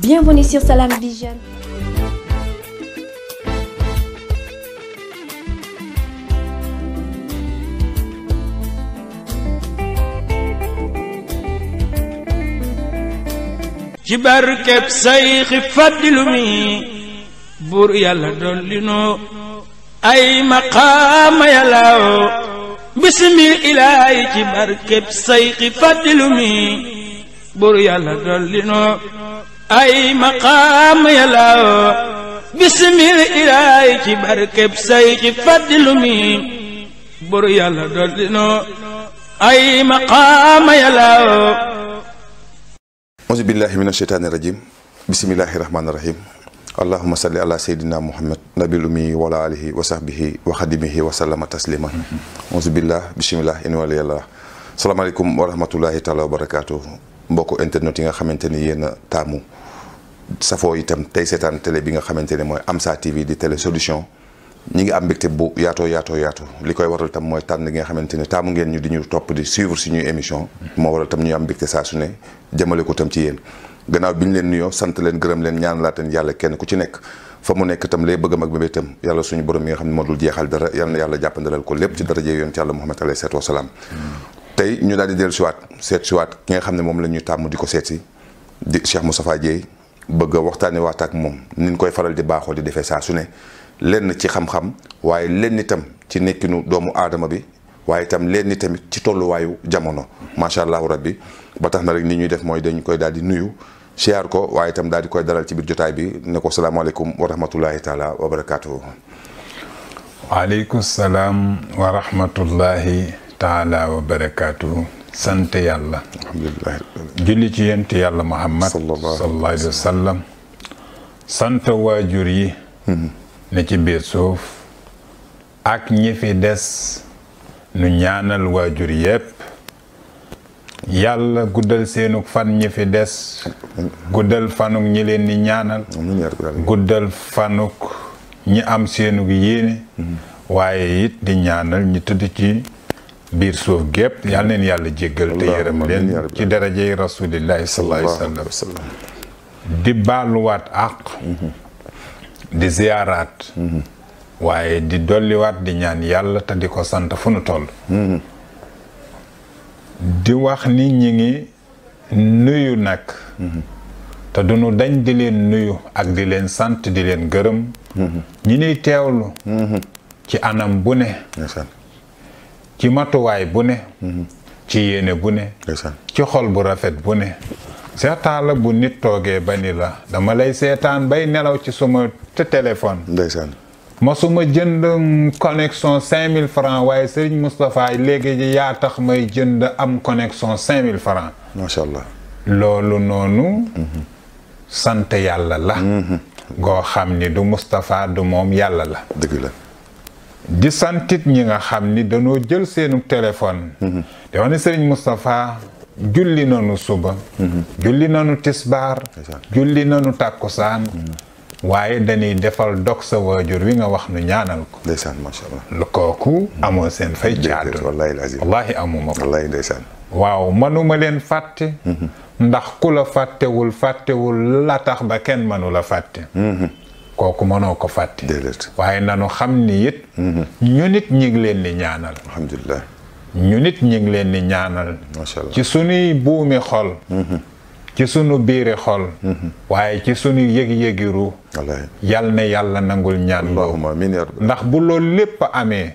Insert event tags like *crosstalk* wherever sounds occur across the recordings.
Bienvenue sur Salam Vision. ci yàlla dolli ay maqaama yàllaw bisimil ilaahi ci barkeb sayxi fàddilu mi ay maqaam yàllaw bisimil ilaay ci barkeb say ci fàddilu mi bur yàlla dollino ay maqaam yàllaw auzu billahi min asheytaani rajim bisimillahi rahmaani rahim allahuma salli ala seydina muhammad nabil umi wala alihi wa sahbihi wa xadimihi wa sallama taslima auzu billah bisimillah in wala yàlla salaamaaleykum wa rahmatullahi taala wa barakaatu mbokku internet yi nga xamante ni yéen a taamu safoo itam tey seetaan tele bi nga xamante ne mooy Amsa TV di télé solution ñi ngi am mbégte bu yaatoo yaato yaatu li koy waral tam mooy tànn gi nga xamante ne taamu ngeen ñu di ñu topp di suivre suñuy émission moo waral tam ñuy am mbégte saa su ne jëmale ko tam ci yéen gannaaw bi ñu leen nuyoo sant leen gërëm leen ñaan laaten yàlla kenn ku ci nekk fa mu nekk tam lay bëggam ak bébé tam yàlla suñu borom yi nga xam ne moo jeexal dara yal na yàlla jàppandalal ko lépp ci daraje yonent yàlla Muhammad alayhi salaatu wasalaam tey ñu daal di dellu siwaat seet siwaat ki nga xam ne moom la ñu tàmm di ko seeti di Cheikh Moustapha Dieye bëgg a waxtaanee waat ak moom ni ñu koy faral di baaxoo di defee saa su ne lenn ci xam-xam waaye lenn itam ci nekkinu doomu aadama bi waaye itam lenn tamit ci tolluwaayu jamono macha allahu rabbi ba tax na rek ni ñuy def mooy dañu koy daal di nuyu siyaar ko waaye itam daal di koy dalal ci biir jotaay bi ne ko salaamaaleykum wa rahmatullahi taala wa barakaatuhu. salaam wa rahmatullahi. taala wa barakaatuhu sant yàlla julli ci yent yàlla muhammad sallallahu alayhi wa sallam sant waajur yi mm-hmm. ne ci biir suuf ak ñi fi des nu ñaanal waajur yépp yàlla guddal seenu fan ñi fi des guddal fanuk ñi leen di ñaanal guddal fanuk ñi am seenug yéene mm-hmm. waaye it di ñaanal ñi tëdd ci biir suuf gépp yal neen yàlla jéggal te yërëm leen ci darajey rasulillahi sallallahu alayhi wa sallam di baaluwaat di ziyaaraat waaye di dolliwaat di ñaan yàlla te di ko sant fu nu toll di wax ni ñi ngi nuyu nag te du nu dañ di leen nuyu ak di leen sant di leen gërëm mm-hmm. ñi nuy teewlu mm-hmm. ci anam bu ne ci matuwaay bu ne mhm. ci yéene bu ne ci xol bu rafet bu ne seetaan la bu nit toogee ba ni la dama lay seetaan bay nelaw ci suma te téléphone ma suma jënd connexion cinq mille francs waaye Serigne Moustapha léegi yaa tax may jënd am connexion cinq mille francs macha allah loolu noonu mhm. sant yàlla la mhm. goo xam ni du Moustapha du moom yàlla la dëgg la di ñi nga xam ni dañoo jël seenu téléphone te mhm. wax ni sëriñ Moustapha julli nanu suba mhm. julli nanu tisbaar julli nanu tàkkusaan mhm. waaye dañuy defal dog sa waajur wi nga wax nu ñaanal ko ndeysaan macha kooku amoo seen fay caadu wallaahi amuma ko wallaahi ndeysaan waaw manuma leen fàtte ndax ku la fàttewul fàttewul la tax ba kenn manu fàtte kooku mënoo ko fàtte waaye nanu xam ni it mhm. ñu nit ñi ngi leen di ñaanal alhamdulilah ñu ngi leen di ñaanal macha allah ci sunuy buumi xol mhm. ci sunu biiri xol mhm. waaye ci sunu yëg-yëgi ru yal na yàlla nangul ñaan boobu ndax bu lool lépp amee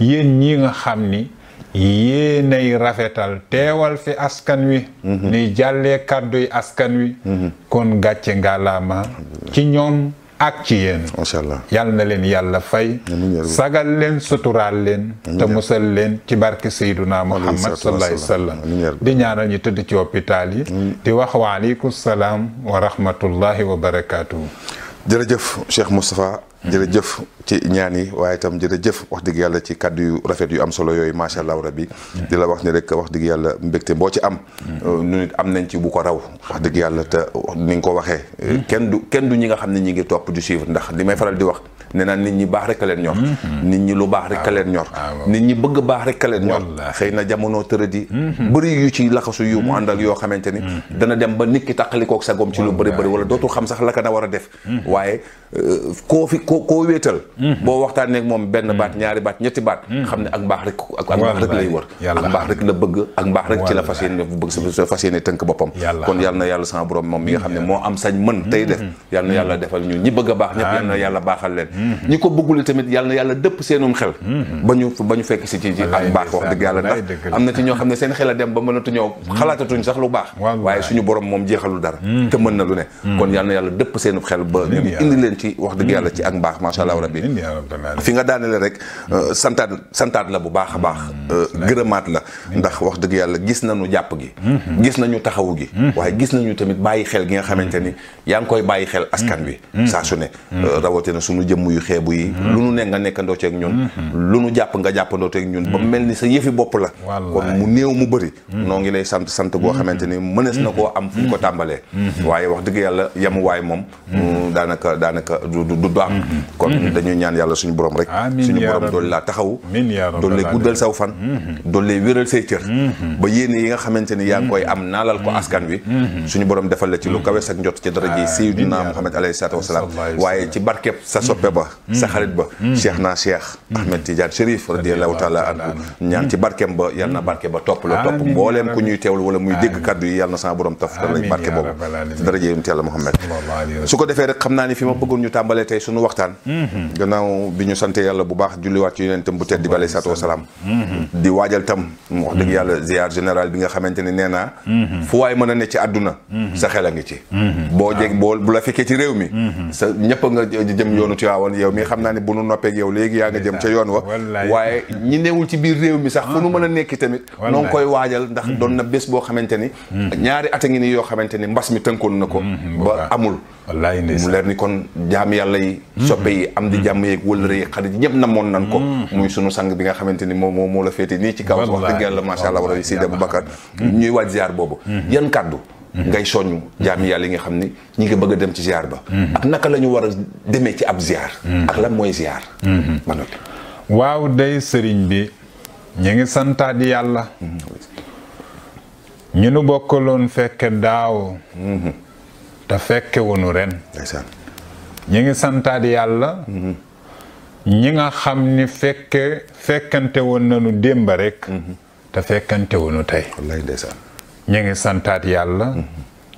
yéen ñi nga xam ni yéenay rafetal teewal fi askan wi ni jàllee kàdduy askan wi kon gàcce ngalaama ci ñoom ak ci yéen macha allah yal na leen yàlla fay sagal leen suturaal leen te musal leen ci barke sayduna muhammad sallallahu alayhi wa sallam di ñaanal ñu tëdd ci hôpital yi di wax waaleykum salaam wa rahmatullahi wa barakaatu. jërëjëf Cheikh Moustapha jërëjëf ci ñaan yi waaye tam jërëjëf wax dëgg yàlla ci kàddu yu rafet yu am solo yooyu macha allah rabbi di la wax ni rek wax dëgg yàlla mbégte boo ci am nu it am nañ ci bu ko raw wax dëgg yàlla te ni nga ko waxee kenn du kenn du ñi nga xam ne ñi ngi topp du suivre ndax li may faral di wax nee naa nit ñi baax rek a leen ñor. Mm-hmm. nit ñi lu baax rek a leen ah, ñor. Ah, nit bëgg baax rek a leen ñor. xëy na jamono tëradi. Mm-hmm. bëri yu ci laxasu yu mu mm-hmm. àndal yoo xamante ni. dana dem ba nit ki taqalikoog sa gom ci lu bëri bëri wala dootu xam sax la na war a def. waaye euh, koo fi koo koo wéetal. boo waxtaanee ak moom benn baat ñaari baat ñetti baat. xam ne ak baax rek ak baax rek lay wër. ak baax rek la bëgg ak baax rek ci la fas yéene bëgg sa fas yéene tënk boppam. kon yal yàlla sama borom moom mi nga xam ne moo am sañ mën tey def yal na yàlla defal bëgg baax ñëpp yal na yàlla baaxal leen ñi ko bëggul tamit yàlla na yàlla dëpp seenum xel ba ñu ba ñu fekk si ci ci ak baax wax dëgg yàlla ndax am na ci ñoo xam ne a dem ba mënatu ñëw xalaatatuñ sax lu baax waaye suñu borom moom jeexalul dara te mën na lu ne hmm. kon yàlla dëpp seenum xel ba indi leen ci wax dëgg yàlla ci ak baax macha allah rabbi fi nga daanele rek hmm. euh, santaat la bu baax a baax hmm. euh, gërëmaat la ndax wax dëgg yàlla gis nañu jàpp gi gis nañu taxawu gi waaye gis nañu tamit bàyyi xel gi nga xamante ni yaa ngi koy bàyyi xel askan wi saa su ne euh, rawatina suñu jëmm jëmm yu xeebu yi hmm. lu nu ne nga nekkandoo ceeg ñun hmm. lu nu jàpp nga jàppandoo ceeg ñun ba hmm. mel ni sa yëfi bopp la kon mu néew mu bëri noo ngi lay sant sant goo xamante ni mënees na koo am fu ñu ko tàmbalee waaye wax dëgg yàlla yemuwaay moom du du daam kon dañuy ñaan yàlla suñu borom rek suñu borom dool laa taxaw dool lay guddal saw fan dool lay wéral say cër ba yéene yi nga ni yaa ngi koy am naalal ko askan wi suñu borom defal la ci lu kawe ak njot ci dara ji Seydina Muhammad alayhi salaatu wasalaam waaye ci barkeb sa soppe ba sa mm. xarit ba mm. cheikh naa cheikh ahmed tidiane chérif mm. radiallahu taala anhu ñaan ci barkeem ba yal na barke ba topp la topp mbooleem ku ñuy teewlu wala muy dégg kaddu yi yal na sama borom taf da lay barke boobu daraje yonent yàlla muhammad su ko defee rek xam naa ni fi ma bëggoon ñu tàmbalee tey suñu waxtaan mm-hmm. gannaaw bi ñu sante yàlla bu baax julliwaat ci yonentam bu tedd bi alayhi salaatu wasalaam mm-hmm. di waajal tam wax dëgg yàlla mm-hmm. ziar général bi nga xamante ne nee naa fu waay mën a ne ci àdduna sa xel a ngi ci ah. boo bu la fekkee ci réew mi sa nga jëm yoonu Tiwaawan woon yow mi xam naa ne bu nu noppeeg yow léegi yaa nga jëm ca yoon wa waaye ñi newul ci biir réew mi sax fu nu mën a nekki tamit noo ngi koy waajal ndax mm-hmm. doon na bés boo xamante ni mm-hmm. ñaari at a ngi yoo xamante ni mbas mi tënkoon na ko mm-hmm. ba amul wallaay mu leer ni kon jaam yàlla yi soppe yi am di jàmm yeeg wëllëre yi xarit yi na namoon nan ko muy sunu sang bi nga xamante ni moom moo moo la féete nii ci kaw wax dëgg yàlla macha allah wala Seydi Aboubacar ñuy waaj ziar boobu yan kàddu ngay soññ jaami yàlla yi nga xam ni ñi ngi bëgg a dem ci ziar ba ak naka la ñu war a demee ci ab ziar mooy ziar man waaw day sëriñ bi ñu ngi santaat yàlla ñu nu bokkaloon fekke daaw te fekke wonu ren ngi santaat yàlla ñi nga xam ni fekke fekkante woon nanu démba rekk te fekkante wonu tey ñu ngi santaat yàlla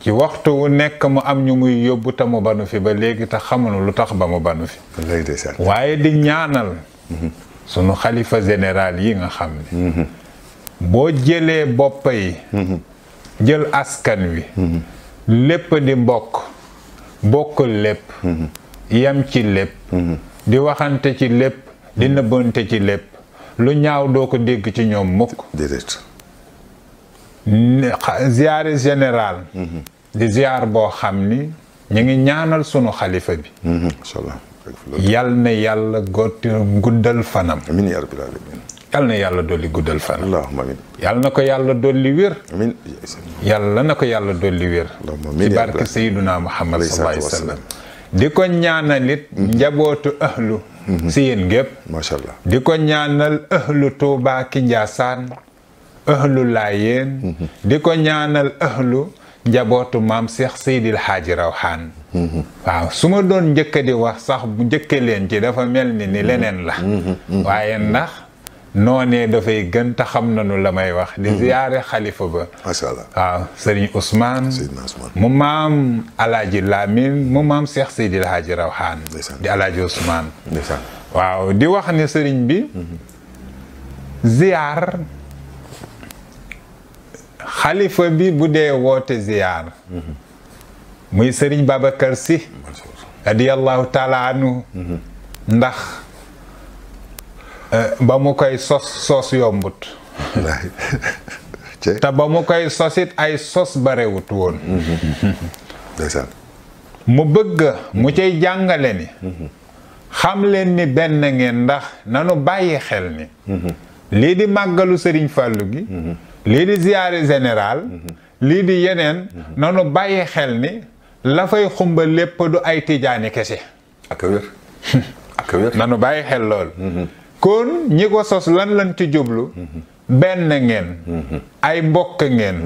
ci waxtu wu nekk mu am ñu muy yóbbu te mu banu fi ba léegi te xamunu lu tax ba mu banu fi waaye di ñaanal sunu xalifa général yi nga xam ne boo jëlee bopp yi jël askan wi lépp di mbokk bokk lépp yam ci lépp di waxante ci lépp di nëbbante ci lépp lu ñaaw doo ko dégg ci ñoom mukk ziare général di ziar boo xam ni ñu ngi ñaanal sunu xalifa bi mhm, yal na yàlla gott guddal fanam amiin yal na yàlla dolli guddal fanam na ko yàlla dolli wér amiin na ko yàlla dolli wér ci barke sayyiduna muhammad sallallahu alayhi di ko ñaanalit mhm. njabootu ahlu mhm. si yéen gépp di ko ñaanal ahlu tuubaa ki njaasaan ëhlu laayeen di ko ñaanal ëhlu njabootu maam seex Seydil Hadji Rawhan waaw su ma doon njëkka di wax sax bu njëkka leen ci dafa mel ni ni leneen la waaye ndax noonee dafay gën te xam nañu la may wax di ziyaare xalifa ba masha waaw sëriñ Ousmane mu maam alaaji Lamine mu maam Cheikh Seydil Hadji Rawhan di alaaji Ousmane waaw di wax ne sëriñ bi ziyaar xalifa bi bu dee woote ziyaar muy sëriñ Babacar si radiyallahu taala ndax eh, ba mu koy sos sos yombut te ba mu koy sosit ay sos barewut woon mu bëgg mu cay jàngale ni xam leen ni benn ngeen ndax nanu bàyyi xel ni mm-hmm. lii di màggalu sëriñ fàllu gi lii di ziyaare général mhm. lii di yeneen mhm. nanu bàyyi xel ni lafay fay xumba lépp du ay tijaani kese ak wér *laughs* nanu bàyyi xel lool mhm. kon ñi ko sos lan lan ci jublu benn ngeen ay mbokk ngeen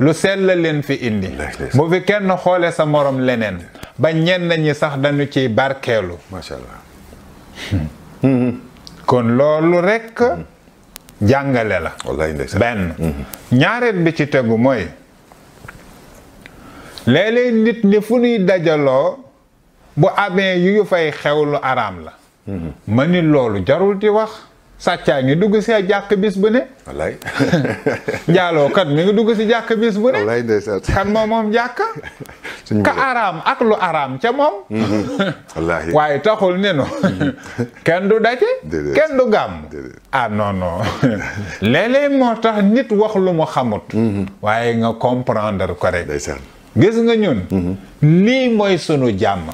lu sell leen fi indi bu fi kenn xoole sa morom leneen ba ñenn ñi sax dañu ciy barkeelu macha hmm. kon loolu rekk jàngale la benn mm-hmm. ñaareel bi ci tegu mooy léeg nit ñi fu ñuy dajaloo bu amee yu fay xew lu araam la mm-hmm. ma ni loolu jarul di wax sàccaa ngi dugg si jàkk bis bu ne. wallaay. *laughs* jaaloo mi ngi dugg si jàkk bis bu ne. kan moom moom jàkka. *laughs* ka araam ak lu araam ca moom. Mm-hmm. *laughs* waaye taxul ne nu mm-hmm. kenn du daje. kenn du gàmm. ah non non moo tax nit wax lu mu xamut. Mm-hmm. waaye nga comprendre ko rek. gis nga ñun. lii mooy sunu jàmm.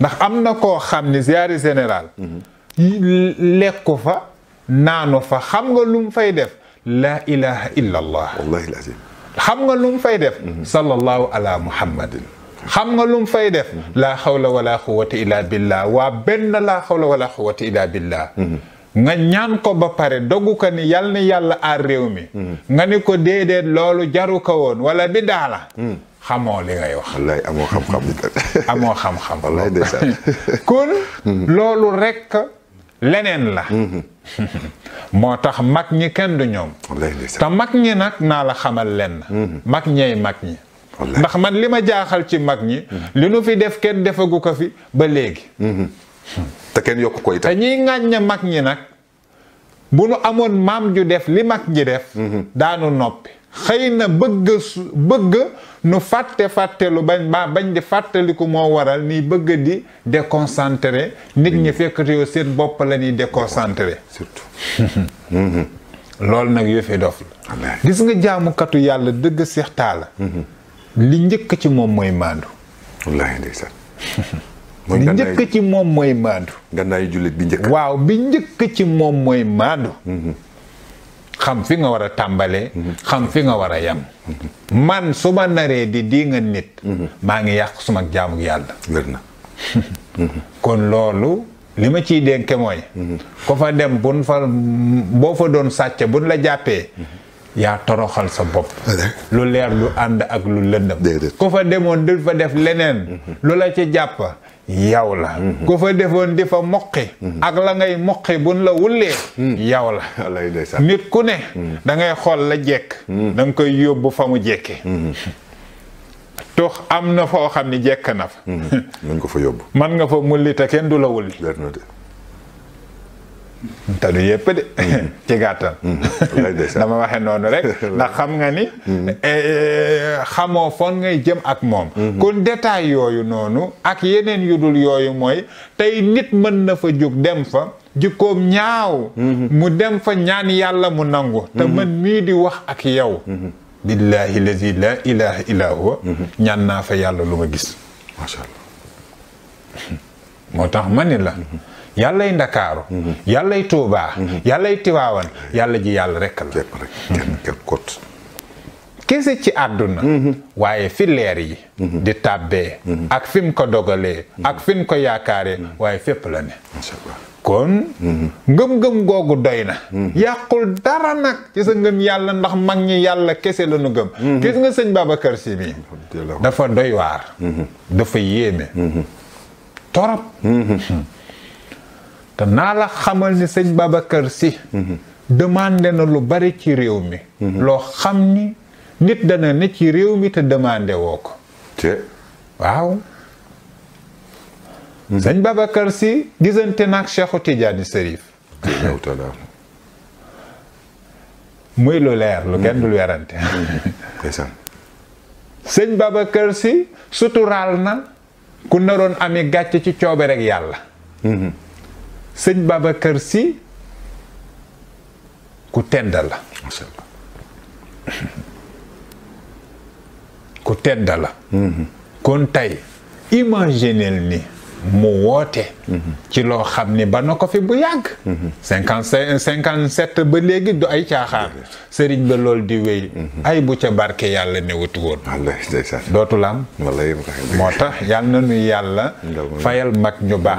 ndax am na koo xam ni ziyaari général. lekku fa naanu fa xam nga lu mu fay def laa illa allah xam nga lu mu fay def sallallahu ala muhammadin xam nga lu mu fay def laa xawla wala quwata illa billah waa benn laa xawla wala quwata illa billah nga ñaan ko ba pare dogu ko ni yal na yàlla aar réew mi nga ni ko déedéet loolu jaru ko wala bi daala xamoo li ngay wax xam-xam amoo xam-xam leneen la mhm. *laughs* moo tax mag ñi kenn du ñoom te mag ñi nag naa la xamal lenn mhm. mag ñey mag ñi ndax man li ma jaaxal ci mag ñi mhm. li nu fi def kenn defagu ko fi ba léegi te kenn yokk ko itam te ñiy ŋàñña mag ñi nag bu nu amoon maam ju def li mag ñi def daanu noppi xëy na bëgg bëgg nu fàtte fàttelu bañ ba bañ di fàttaliku moo waral ni bëgg di déconcentré nit ñi fekkati yow seen bopp la ñuy déconcentré surtout *laughs* loolu nag yëfi dof la gis nga jaamukatu yàlla dëgg Seex Taala mhm. li njëkk ci moom mooy maandu *laughs* li njëkk ci moom mooy maandu bi njëkk waaw bi njëkk ci moom mooy maandu mhm. xam fi nga war a tàmbalee xam fi nga war a yem man su ma naree di di nga nit maa ngi yàq suma jaamu yàlla kon loolu li ma ciy dénke mooy ko fa dem bun fa boo fa doon sàcc buñ la jàppee yaa toroxal sa bopp lu leer lu ànd ak lu lëndëm ku fa demoon du fa def leneen lu la ci jàpp yow la ku fa defoon di fa moqi mhm. ak la ngay moqi buñ la wullee mhm. yow la nit ku ne mhm. dangay xool la jekk danga koy yóbbu fa mu jekke tux am na foo xam ne jekk na fa mën nga fa yóbbu *laughs* mën nga fa mulli te kenn du la wulli te du yëpp de mm-hmm. *laughs* ci gàttal mm-hmm. *laughs* ah. dama waxe noonu rek *laughs* ndax xam nga ni mm-hmm. eh, eh, xamoo foon ngay jëm ak moom kon détail yooyu noonu ak yeneen yu dul yooyu mooy tey nit mën na fa jóg dem fa jikkoom ñaaw mu dem fa ñaan yàlla mu nangu te man mii di wax ak yow billahi la ilaha illa ñaan naa fa yàlla lu ma gis moo tax ma ni la yàllay ndakaaru mhm. yàllay tuubaa mhm. yàllay tiwaawan yàlla ji yàlla rekk la mhm. kese ci àdduna waaye fi leer yi di tàbbee ak fi ko dogalee ak fim ko yaakaaree waaye fépp la ne kon ngëm-ngëm googu doy na yàqul dara nag ci sa ngëm yàlla ndax mag ñi yàlla kese la nu gëm gis nga sëñ Babacar Si mi dafa doy waar dafa yéeme torop hmm. te naa la xamal ni sëñ Babacar Sy demandé na lu bari ci réew mi loo xam ni nit dana ne ci réew mi te demandé woo ko waaw sëñ Babacar Sy gisante naag Cheikhu Tidiane Serif *laughs* muy lu leer lu kenn dul mm-hmm. werante mm-hmm. sëñ Babacar Sy suturaal na ku naroon ami gàcce ci coobe rek yàlla mm-hmm. sëñ kër si ku tedda la ku tedda la mm-hmm. kon tey imagineel ni mu woote. ci loo xam ni ba na ko fi bu yàgg. cinquante cinq cinquante sept ba léegi du ay caaxaan. sëriñ ba loolu di wéy. ay bu ca barke yàlla ne wutu woon. dootul am. moo tax yàlla na nu yàlla. fayal mag ñu baax.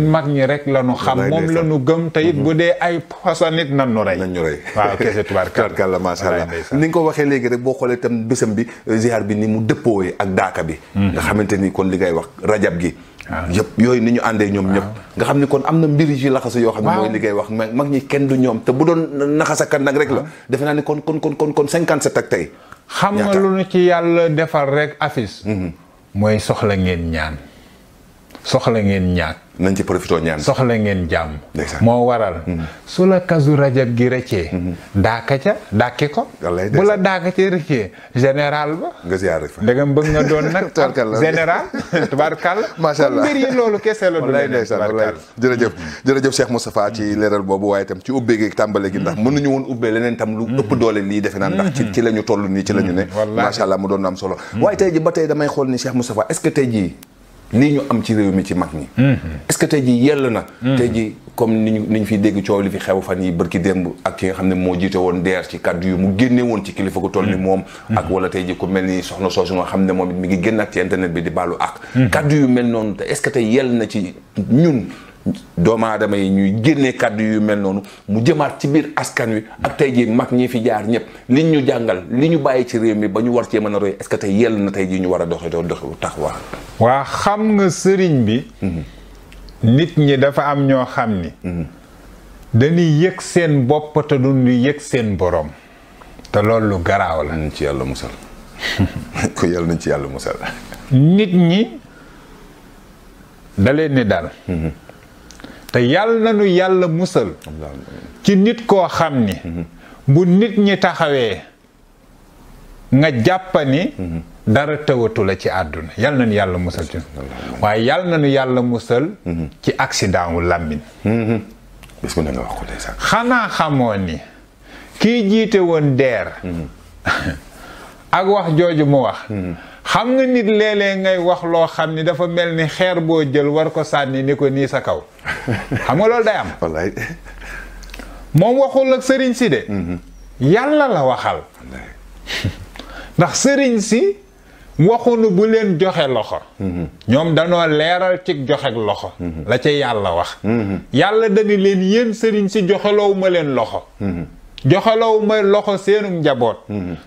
mag ñi rek la nu xam moom la nu gëm te it bu mhm. dee ay posanit na nu rey. nan ñu rey waaw kese tubaarkàlla macha allah ni nga ko waxee léegi rek boo xoolee itam bésam bi ziar bi ni mu dëppoowee ak daaka bi. Mhm. nga xamante ni kon li ngay wax rajab gi. yëpp yooyu ni ñu àndee ñoom ñëpp nga xam ni kon am na mbir yi laxasa yoo xam ne mooy liggéey wax ma mag ñi kenn du ñoom te bu doon naxasakat nag rek la defe naa ni kon kon kon kon kon cinquante sept ak tey xam nga lu nu ci yàlla defar rek affiche mm-hmm. mooy soxla ngeen ñaan soxla ngeen ñaag. nañ ci profité ñaan soxla ngeen jàmm. moo waral. Mm-hmm. su la kasu rajab gi rëccee. Mm-hmm. daaka ca dàkki ko. bu la daaka ca rëccee général ba. nga ziare fa ndegam bëgg nga doon nag. *laughs* tubaarkalla général tubaarkalla. *laughs* macha allah mbir yi loolu kese la. walaay ndeysaan la ñu toll nii ci la ñu ne. Mm-hmm. macha allah mu doon am solo. waaye tey ji ba tey damay xool ni Cheikh Moustapha est tey jii lii ñu am ci réew mi ci mag ñi. Mm-hmm. est-ce que tey jii yell na. Mm-hmm. tey jii comme ni ñu ni fiy dégg coow li fi xew fan yi bërki démb ak ki nga xam ne moo jiite woon deer ci kàddu yu mu génne woon ci kilifa gu toll ni moom. Mm-hmm. ak wala tey jii ku mel ni soxna soosu nga xam ne moom it mi ngi génn ak ci internet bi di baalu ak. kàddu yu mel noonu te yell na ci ñun. doomu aadama yi ñuy génne kàddu yu mel noonu mu jëmaat ci biir askan wi ak tey jii mag ñi fi jaar ñëpp liñ ñu jàngal li ñu bàyyi ci réew mi ba ñu war cee mën a roy est-ce na tey jii ñu war a doxe doxe tax wax waa xam nga sëriñ bi mhm. nit ñi dafa am ñoo xam ni mhm. dañuy yëg seen bopp te duñu yëg seen boroom te loolu lu garaaw la nañ ci yàlla musal *laughs* ko yàlla nañ ci yàlla musal nit ñi da leen ni daal mhm. te yàll nañu yàlla musal ci nit koo xam ni bu nit ñi taxawee nga jàppani dara tawatu la ci àdduna yal na yàlla musal ci waaye nañu yàlla musal ci accident wu làmmiñ xanaa xamoo ni kii jiite woon deer mm-hmm. *laughs* ak wax jooju mu wax mm-hmm. xam nga nit léeg-léeg ngay wax loo xam ni dafa mel ni xeer boo jël war ko sànni ni ko nii sa kaw *laughs* xam nga loolu day am wallaay moom waxul ak sëriñ si de mm-hmm. yàlla la waxal *laughs* ndax sëriñ si waxunu bu leen joxe loxo mm-hmm. ñoom danoo leeral ci joxe loxo mm-hmm. la ca yàlla wax yàlla dañu leen yéen sëriñ si joxeloowu ma leen loxo joxeloowu ma loxo seenum njaboot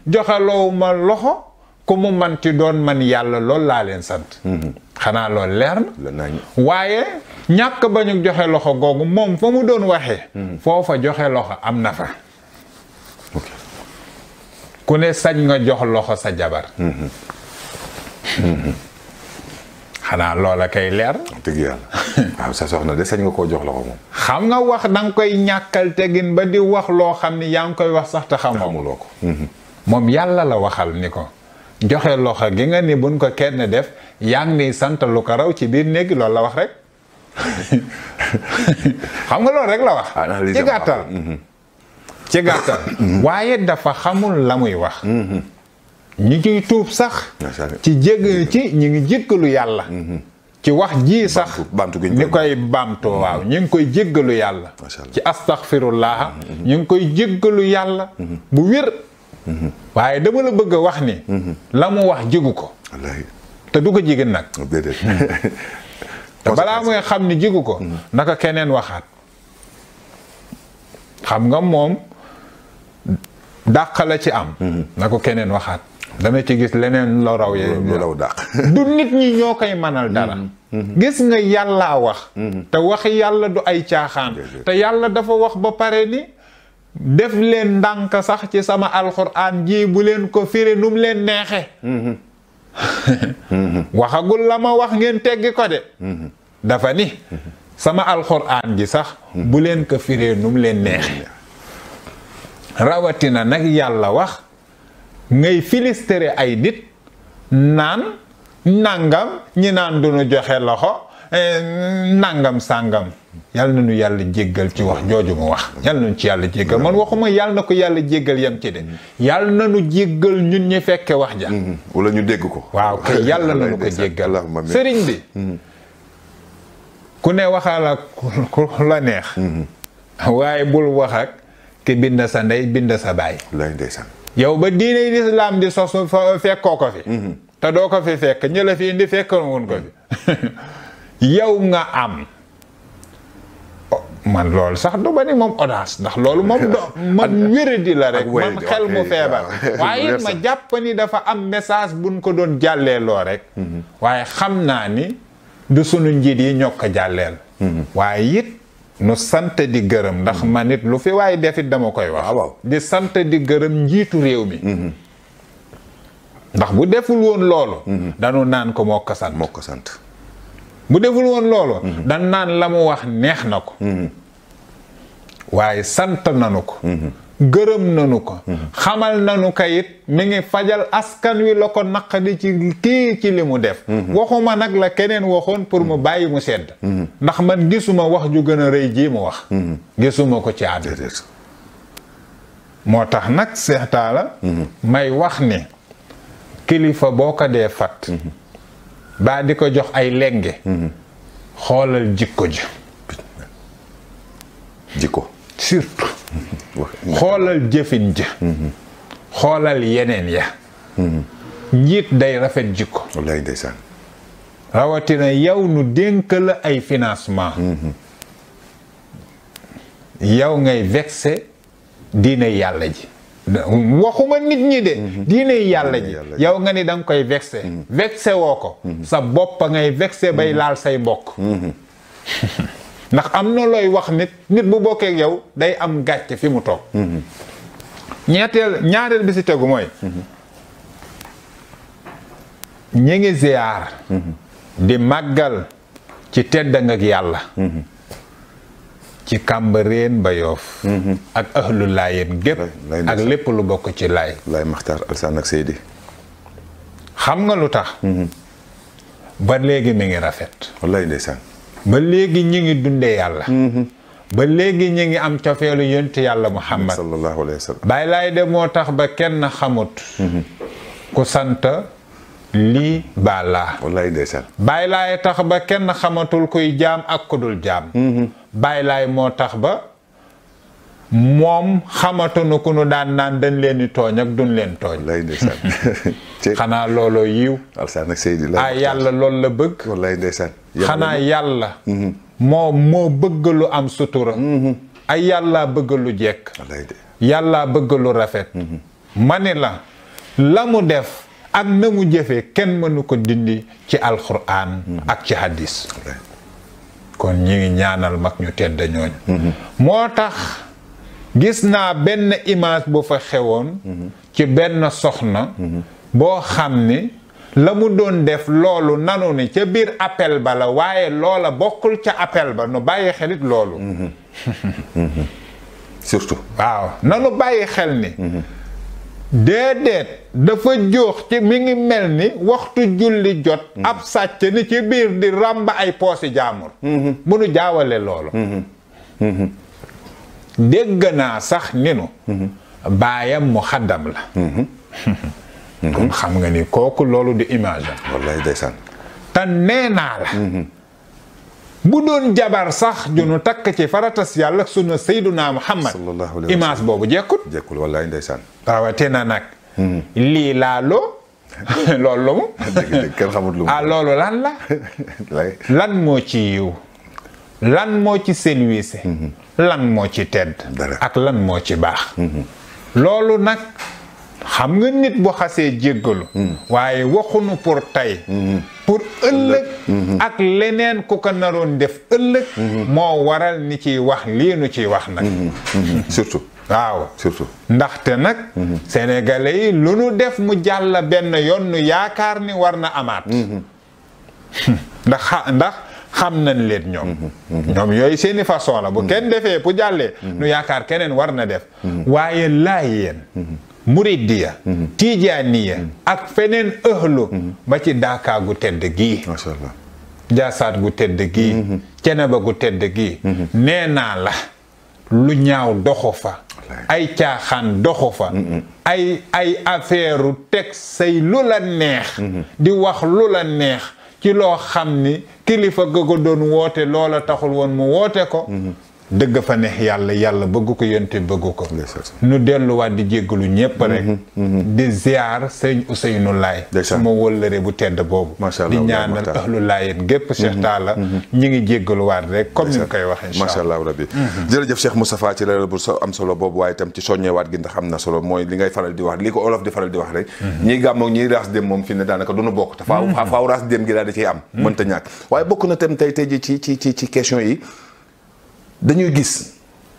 joxeloowu ma loxo ku mu manti doon man yàlla lool laa leen sant mhm. xanaa loolu leer na waaye ñàkk ba ñu joxe loxo googu moom fa mu doon waxee mhm. foofa joxe loxo am na fa ku ne sañ nga jox loxo sa jabar mhm. xanaa loola kay leer waaw sa soxna de sañ nga koo jox loxo moom xam nga wax danga koy ñàkkal tegin ba di wax loo xam ni yaa ngi koy wax sax te xamuloo ko moom yàlla la waxal ni ko joxe loxo gi nga ni buñ ko kenn def yaa ngi ni sant ko raw ci biir néegi lool la wax rek *laughs* xam nga lool rek la wax mhm. ci gàttal mhm. waaye dafa xamul la muy wax mhm. ñu ngi tuub sax ci jégg ci ñu ngi jéggalu yàlla ci wax ji sax ni koy baamtu waaw ñu ngi koy jéggalu yàlla ci astaxfirullaaha ñu ngi koy jéggalu yàlla bu wér waaye dama la bëgg a wax ni. la mu wax jigu ko. te du ko jigéen nag. Oh, hmm. *laughs* te balaa muy xam ni jigu ko. Hmm. naka keneen waxaat. xam nga moom dàq la ci am. Hmm. na ko keneen waxaat. dana ci gis leneen loo raw yee lu raw dàq *laughs* du nit ñi ñoo koy manal dara gis nga yàllaa wax te waxi yàlla du ay caaxaan te yàlla dafa wax ba pare ni def leen ndànk sax ci sama alxuraan ji bu leen ko firi num leen neexe mm-hmm. waxagul la ma wax ngeen teggi ko de mm-hmm. dafa ni sama alxuraan ji sax mm-hmm. bu leen ko firee num leen neexe rawatina nag yàlla wax ngay filistere ay nit naan nangam ñi naan duñu joxe loxo eh, nangam sàngam yàlla na nu yàlla jéggal ci wax jooju mu wax yàlla ci yàlla jéggal man waxuma yàlla na ko yàlla jéggal yam ci de yàlla na nu jéggal ñun ñi fekke wax ja mm-hmm. ñu dégg ko waaw kay *laughs* yàlla na nu sëriñ bi mm-hmm. ne waxaala ku mm-hmm. bul wax ak ki sa ndey bind sa baay yow ba diine lislaam di sosu fekkoo ko fi te doo ko fi fekk ñi la fi indi fekkoon woon ko fi *laughs* yow nga am man loolu sax du ba ni moom audace ndax loolu moom *laughs* do man wéradi la rek man xel mu feebar *laughs* waaye ma jàpp ni dafa am message buñ ko doon jàlleeloo rek mhm. waaye xam naa ni du sunu njiit yi ñoo ko jàlleel mhm. waaye it nu sant di gërëm ndax mhm. man it waaye defit dama koy wax ah, di sant di gërëm njiitu réew mi ndax bu deful woon loolu danu naan ko moo ko moo ko sant bu deful woon loolu mhm. dan naan la mu wax neex na ko mhm. waaye sant nanu ko mhm. gërëm nanu ko xamal nanu kayit mu ngi fajal askan wi la ko naqadi ci kii ci li mu def waxuma nag la keneen waxoon pour mu bàyyi mu sedd ndax man gisuma wax ju gën a rëy jii mu wax gisuma ko ci àddina moo tax nag seextaala may wax ni kilifa boo ko dee fat baa di ko jox ay lenge mhm. xoolal jikko ji jikko surtout mhm. xoolal jëfin ja mhm. xoolal yeneen ya njiit day rafet jikko wallaay rawatina yow nu dénk ay financement yow ngay vexé diine yàlla ji waxuma nit ñi de mhm. diine yàlla ji yow nga ni danga koy vexé mhm. vexé woo ko mhm. sa bopp ngay vexé bay laal say mbokk *laughs* ndax am na looy wax nit nit bu bokkee yow day am gàcce fi mu toog ñetteel ñaareel bi si tegu mooy ñi ngi ziyaar di màggal ci tedd nga ak yàlla ci Cambérène ba Yoff mhm. ak ahlu laayeen gépp ak lépp lu bokk ci laay laay Maxtaar Alsaan ak Seydi xam nga lu tax mhm. ba léegi mi ngi rafet wallaay ndeysaan ba léegi ñi ngi dundee yàlla mhm. ba léegi ñu ngi am cofeelu yonent yàlla muhammad sallallahu alayhi wa sallam laay de moo tax ba kenn xamut ku sant lii baa laa wallaay laay tax ba kenn xamatul kuy jaam ak ku dul jaam bàyyi laay moo tax ba moom xamatunu ku nu daan naan dañ leeni di tooñ ak duñ leen tooñ. wallaahi ndeysaan. *laughs* xanaa looloo yiw. alsaan ak yàlla loolu la bëgg. wallaahi xanaa yàlla. Mm-hmm. moo moo bëgg am sutura. Mm-hmm. ay yàlla bëgg lu jekk. yàlla bëgg rafet. Mm-hmm. ma ni la la mu def ak na mu jëfe kenn mënu ko dindi ci alxuraan. ak ci hadis. kon ñi ngi ñaanal mag ñu tedd ñooñ mm-hmm. moo tax gis naa benn image bu fa xewoon mm-hmm. ci benn soxna mm-hmm. boo xam ni la mu doon def loolu nanu ni ca biir appel ba la waaye loola bokkul ca appel ba nu bàyyi xelit loolu *laughs* surtout waaw nanu bàyyi xel ni déedéet dafa joox ci mi ngi mel ni waxtu julli jot mhm. ab sàcc ni ci biir di ràmba ay poosi jaamur mhm. bu nu jaawale loolu mhm. dégg naa sax ni nu baayam mu xaddam la *laughs* kon xam nga ni kooku loolu di image am wallaay nee naa la bu doon jabar sax nu takk ci faratas yàlla sunna sayduna muhammad image boobu jekkut jekkul wallaay ndeysaan waaw te na nag hmm. lii laa loo *laughs* loolu lu mu kenn xamut lu ah, loolu lan la *laughs* lan moo ci yiw lan moo ci selwiise hmm. lan moo ci tedd ak lan moo ci baax hmm. loolu nag xam nga nit bu xasee jéggalu hmm. waaye waxunu pour tey hmm. pour ëllëg hmm. ak leneen ku ko naroon def ëllëg moo waral ni ciy wax lii nu ciy wax nag surtout waaw ndaxte nag sénégalais yi lu nu def mu jàll benn yoon nu yaakaar ni war na amaat ndax xam nañ leen ñoom ñoom yooyu seeni façon la bu kenn defee bu jàllee nu yaakaar keneen war na def waaye laay yéen muridiya mhm. tijaaniya mhm. ak feneen ëhlu mhm. ba ci daakaa tedd gii jaasaat gu tedd gii ceneba tedd gii nee naa la lu ñaaw doxu fa ay caaxaan doxu fa ay ay affaire teg say lu la neex di wax lu la neex ci loo xam ni kilifa ga ko doon woote loola taxul woon mu woote ko dëgg fa neex yàlla yàlla bëgg ko yonte bëgg ko nu delluwaat di jéggalu ñépp rek mm-hmm, mm-hmm. di ziar sëñ Ousseynou Laay suma wëllëre bu tedd boobu di ñaanal ahlu laayeen gépp Cheikh mm-hmm, Talla ñi ngi jéggaluwaat rek comme ni koy waxee macha allah rabbi jërëjëf Cheikh Moustapha ci leeral bu am solo boobu waaye itam ci soññewaat gi ndax am na solo mooy li ngay faral di wax li ko olof di faral di wax rek ñiy gàmmoog ñiy raas dem moom fi ne daanaka duñu bokk te faaw faaw raas dem gi daal da ciy am mënta ñàkk waaye bokk yi dañuy gis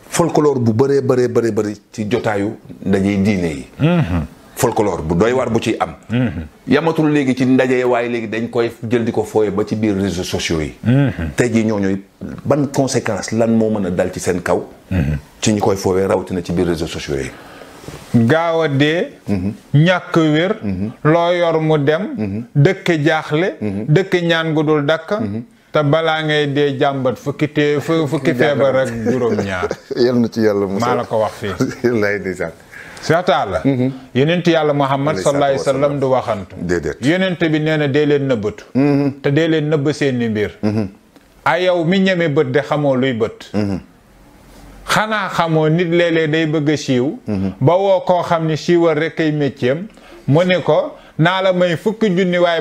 folklore bu bëree bëree bëri bëri ci jotaayu ndaje diine yi. Mhm. folklore bu doy war bu ci am. Mhm. yamatul léegi ci ndaje waaye léegi dañ koy jël di ko fooye ba ci biir réseaux sociaux yi. Mhm. tey jii ñooñu ban conséquence lan moo mën a dal ci seen kaw. ci ñi koy foowee rawatina ci biir réseaux sociaux yi. gaaw a dee ñàkk wér loo yor mu dem dëkk jaaxle dëkk ñaan gu dul dakk te balaa ngay dee jàmbat fukki tee fukki feebar ak juróom-ñaar. *laughs* yal na ci yàlla la ko wax fii. lay la. Mhm. yonent yàlla Muhammad sallallahu alayhi wa sallam du waxantu. déedéet yonent bi nee na leen nëbbatu. Mhm. te leen nëbb seeni mbir. Mhm. yow mi ñeme bët de luy bët. xamoo nit bëgg a koo xam ni siiwal rek kay mu ne ko naa la may fukki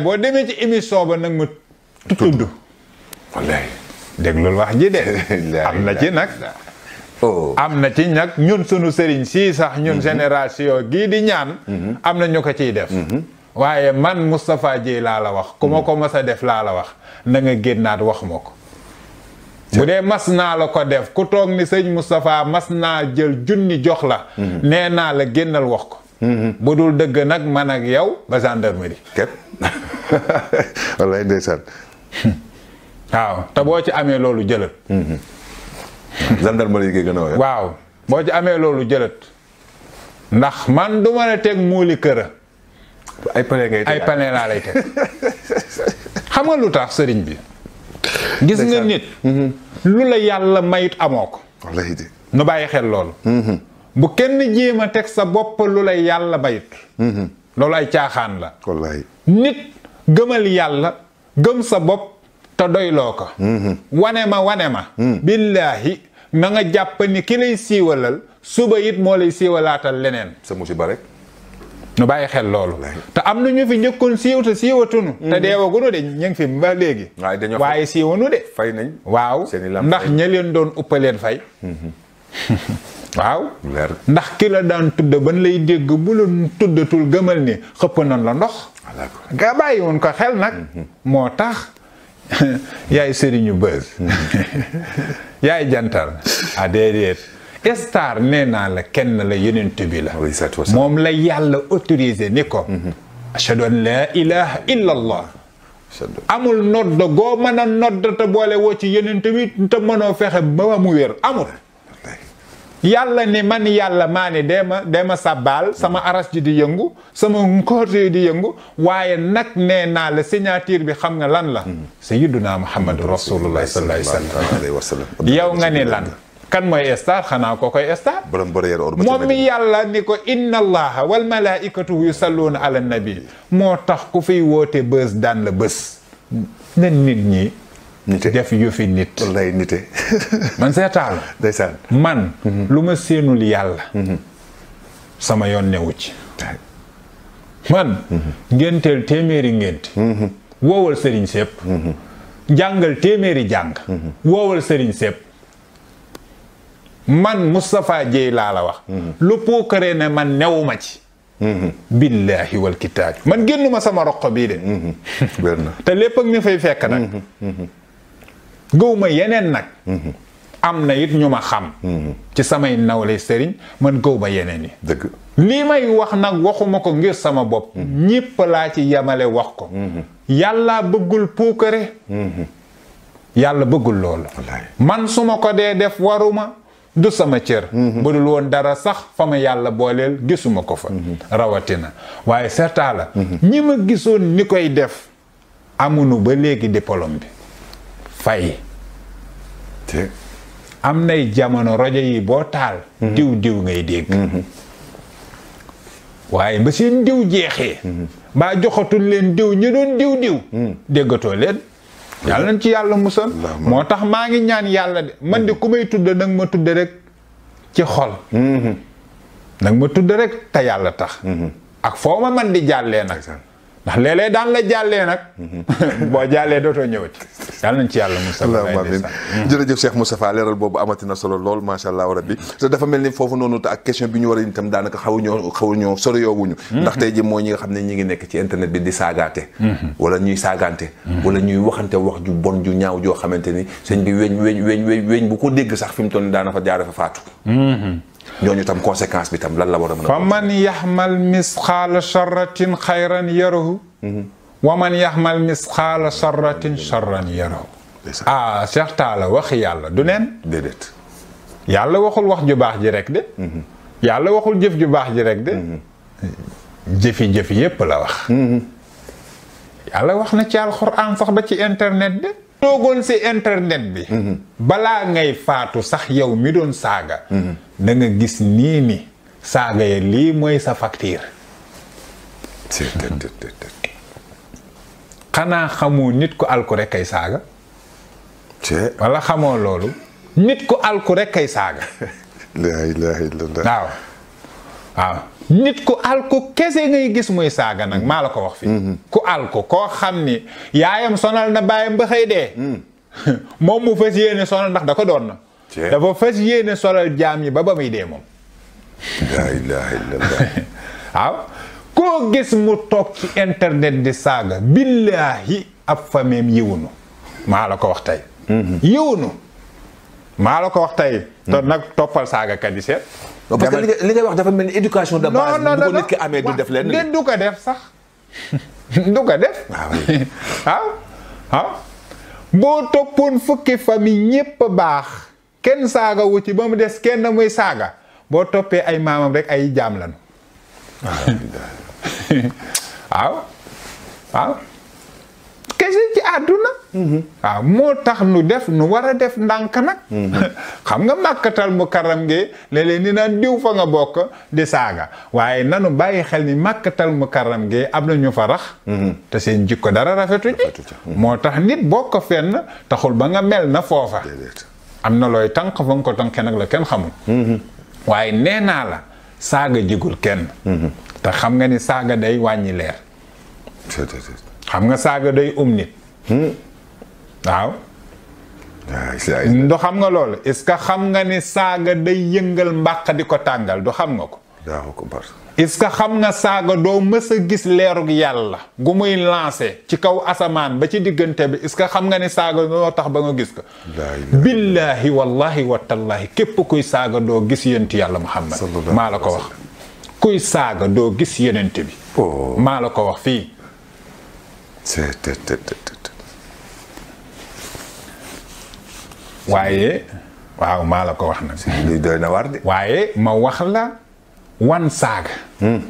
boo demee ci émission ba nag mu tudd. wallaay déglul de. *laughs* am na ci nag. Oh. am na ci nag ñun sunu sëriñ sii sax ñun mhm. génération gii di ñaan. Mhm. am na ñu ko ciy def. Mhm. waaye man Moustapha Dieye laa la wax. ku ma ko mas a def laa la wax na nga génnaat wax ma ko. bu dee mas naa la ko def ku toog ni sëñ Moustapha mas naa jël junni jox la. nee naa la génnal wax ko. bu dul dëgg nag man ak yow ba gendarmerie. képp *laughs* wallaay ndeysaan *laughs* waaw te boo ci amee loolu jëlët. Mm-hmm. *laughs* gendarmerie gi gën a waaw boo ci amee loolu jëlët ndax man du ma la teg muuli këra. ay pale ngay teg lay teg *laughs* xam nga lu taax sëriñ bi. gis nga nit. Mm-hmm. lu la yàlla mayit amoo ko. wallaahi de nu bàyyi xel loolu. Mm-hmm. bu kenn jéem a teg sa bopp lu la yàlla mayit. loolu ay caaxaan la. wallaahi nit gëmal yàlla gëm sa bopp. te doyloo ko mm-hmm. wane ma wane ma mm. billaahi nanga nga jàpp ni ki lay siiwalal suba it moo lay siiwalaatal leneen sa musiba nu bàyyi xel loolu te am na ñu fi njëkkoon siiw te siiwatunu te mm-hmm. deewagunu de ñu ngi fi ba léegi waaye siiwanu de fay nañ waaw ndax ña leen doon uppaleen fay mm-hmm. *laughs* waaw ndax ki la daan tudd ban lay dégg bu la tuddatul gëmal ni xëpp nan la ndox ah, nga bàyyi woon ko xel nag moo tax *laughs* yaay Serigne Beuz *laughs* yaay jantal a ah, déedéet star nee naa la kenn la yonent bi la moom la yàlla autorise ni ko mhm. ashhadu an laa ilaha illa amul nodd goo mën a nodd boole woo ci yonent bi te mënoo fexe ba mu wér amul yàlla ne man yàlla maa ni dee ma dee ma sàbbaal sama aras ji di yëngu sama ngóote yi di yëngu waaye nag nee naa la signature bi xam nga lan la hmm. sayyiduna muhammadu rasulullah sallallahu alayhi wa sa *laughs* yow nga ne lan kan mooy star xanaa ko koy star moom mi yàlla ni ko inna allaha wal malaikatu yusalluuna ala nabi moo tax ku fiy woote bës daan la bës nen nit ñi nite def yu fi nit. wallaay nite. *laughs* man seetaan. man. Mhm. lu ma séenul yàlla. Mhm. sama yoon newu ci. man. Mhm. ngénteel téeméeri ngént. woowal sëriñ sépp jàngal téeméeri jàng. woowal sëriñ sépp man Moustapha Dieye laa la wax. lu puukaree ne man newuma ci. billaahi wal kitaabi man génnuma sama roq bii de. *laughs* te lépp ak fay fekk nag. ma yeneen nag am na it ñu ma xam ci samay nawle sëriñ man gëwuma yeneen yi dëgg lii may wax nag waxuma ko ngir sama bopp ñépp laa ci yamale wax ko yàlla bëggul puukare yàlla bëggul loolu man su ma ko dee def waruma du sama cër mhm. bu dul woon dara sax fa ma yàlla booleel gisuma ko fa mhm. rawatina waaye certain la mhm. ñi ma gisoon ni koy def amunu ba léegi diplôme bi fay am nay jamono rajo yi boo taal mhm. diw diw ngay dégg mhm. waaye ba seen diw jeexee mbaa mhm. joxatul leen diw ñu doon diw diw déggatoo leen yàlla nañ ci yàlla musal moo tax maa ngi ñaan yàlla de man de ku may tudd nag ma tudd rek ci xol nag ma tudd rek te yàlla tax ak foo ma man di jàllee nag ndax léeg-léeg daan la jàllee nag mm-hmm. boo jàllee dootoo ñëwati yàlla nañ ci yàlla Moustapha amin mm. jërëjëf Cheikh Moustapha leeral boobu amati na solo lool macha allah rabbi te dafa mel ni foofu noonu te ak question bi ñu war a itam daanaka xawuñoo xawuñoo sori yoowuñu mm-hmm. ndax tey ji moo ñi nga xam ne ñi ngi nekk ci internet bi di saagaate mm-hmm. wala ñuy saagante wala ñuy waxante wax ju bon ju ñaaw joo xamante ni sëñ bi weñ weñ weñ weñ bu ko dégg sax fi mu toll daana fa jaare fa faatu ñooñu tam conséquence bi tam lan la war a mën a. fa man yaxmal misxaala charratin xayran yarahu. Mhm. wa man yaxmal misxaala charratin charran yarahu. ah Cheikh Talla wax yàlla du neen. déedéet. yàlla waxul wax ju baax ji rek de. Mhm. yàlla waxul jëf ju baax ji rek de. Mhm. jëfi jëfi la wax. yàlla wax na ci alxuraan sax ba ci internet de. toogoon si internet bi balaa ngay faatu sax yow mi doon saaga da nga gis nii ni saaga ya lii mooy sa facture xanaa xamoo nit ku alku rek kay saaga wala xamoo loolu nit ku alku rek kay saaga *laughs* waaw waaw nit ku àll kese ngay gis muy saaga nag maa la ko wax fi mm-hmm. ku àll ko koo xam ni yaayam sonal na baayam ba xëy dee mm. *laughs* moom mu fas yéene sonal ndax da ko doon na dafa fas yéene solal jaam yi ba ba muy dee moom laa ilaaha illallah *laughs* waaw koo gis mu toog ci internet di saaga billaahi ab fameem yiwunu maa la ko wax tey mm-hmm. yiwunu maa la ko wax tey te mm-hmm. nag toppal saagakat yi seet non parce que li nga wax dafa mel ni éducation de base. non non non bu ki amee du def lenn. du ko def sax *laughs* du ko def. waaw ah, *laughs* waaw. Ah, ah. boo toppoon fukki famille ñépp baax kenn saaga wu ci ba mu des kenn muy saaga boo toppee ay maamam rek ay jaam lan waaw. *laughs* kese ci àdduna mhm. waaw moo tax nu def nu war a def ndànk nag mhm. *laughs* xam nga màkkatal mu karam ngee léeg ni naan diw fa nga bokk di saaga waaye nanu bàyyi xel ni màkkatal mu karam ngee am na ñu fa rax mhm. te seen ko dara rafetu ci moo tax nit bokk fenn taxul ba nga mel na foofa am na looy tànk fa nga ko tànkee nag la kenn xamul waaye nee naa la saaga jigul kenn te xam nga ni saaga day wàññi leer xam nga saaga day um nit. Hmm? waaw. Ah, du xam nga loolu est-ce que xam nga ne saaga day yëngal mbàq di ko tàngal du xam nga ko. est-ce que xam nga saaga doo mës a gis leerug yàlla gu muy lancé ci kaw asamaan ba ci diggante bi est-ce que xam nga ne saaga doo tax ba nga gis ko billaahi wallahi watallaahi képp kuy saaga doo gis yonent yàlla Muhammad maa la ko wax kuy saaga doo gis yonent bi oh. maa la ko wax fii waaye waaw maa la ko wax nag lii doy na war de waaye ma wax la wan saaga hmm.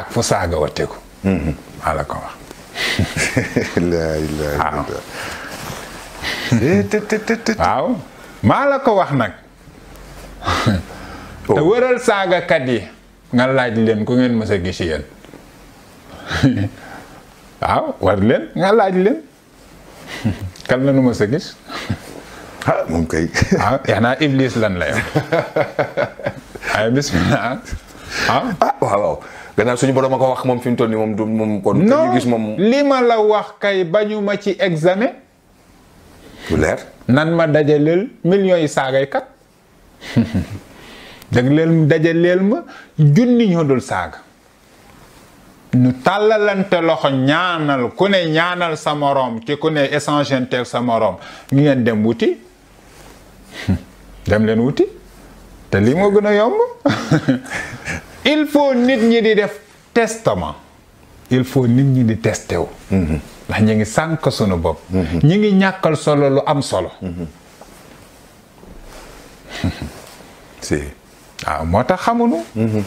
ak fu saaga wateeku hmm. *laughs* eh, maa la ko wax nag oh. te wëral saagakat yi nga laaj leen ku ngeen mës a gis yéen waaw *laughs* ah, war leen nga laaj leen *laughs* kan la sa gis *laughs* ah moom kay ah xanaa iblis lan la yow ay bismillah ah. Ah, ah waaw waaw gannaaw suñu borom a ko wax moom fi mu toll nii moom du moom kon gis moom li ma la wax kay bañu ci examen bu nan ma dajaleel millions yi saagay kat dag leel dajaleel ma junni ñoo dul saaga ñu tàllalante loxo ñaanal ku ne ñaanal sa moroom ci ku ne échange teel sa moroom ñu ngeen dem wuti dem leen wuti te lii moo gën a yomb *laughs* il faut nit ñi di def testament il faut nit ñi di testé wu ndax ñu ngi sànk sunu bopp ñu ngi ñàkkal solo lu am solo waaw ah, moo tax xamuñu. Mhm.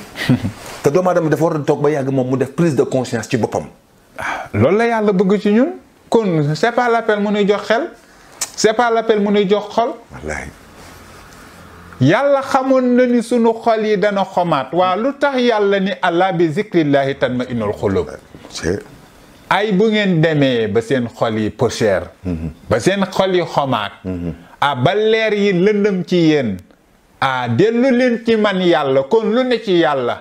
te doomu dem dafa war a toog ba yàgg moom mu def prise de conscience ci boppam. Ah, loolu la yàlla bëgg ci ñun kon c'est pas mu nuy jox xel c'est pas mu nuy jox xol. yàlla xamoon na ni sunu xol yi dana xomaat waa lu tax yàlla ni allah bi zikrillahi ma innul xulub ay bu ngeen demee ba seen xol yi poussière. Mhm. ba seen xol yi xomaat. Mhm. ah ba leer yi lëndëm ci yéen. ah dellu leen ci man yàlla kon lu ne ci yàlla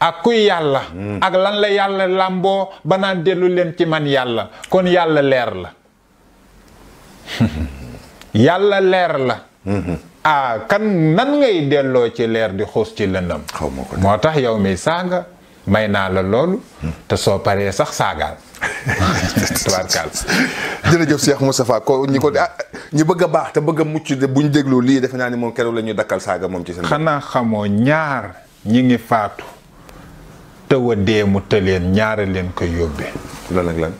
ak kuy yàlla hmm. ak lan la yàlla làmboo ba naan dellu leen ci man yàlla kon yàlla leer la *laughs* yàlla leer la ah kan nan ngay delloo ci leer di xuus ci lëndam moo tax yow mi saaga may naa la loolu te soo paree sax saagaal *laughs* tubaarkaal jërëjëf Cheikh Moustapha ko ñi ko ah ñu bëgg a baax te bëgg a mucc de bu ñu déglu lii defe naa ni moom keroog la ñuy dakkal saaga moom ci seen xanaa xamoo ñaar ñi ngi faatu tëw a dee mu tëleen ñaara leen koy yóbbee lan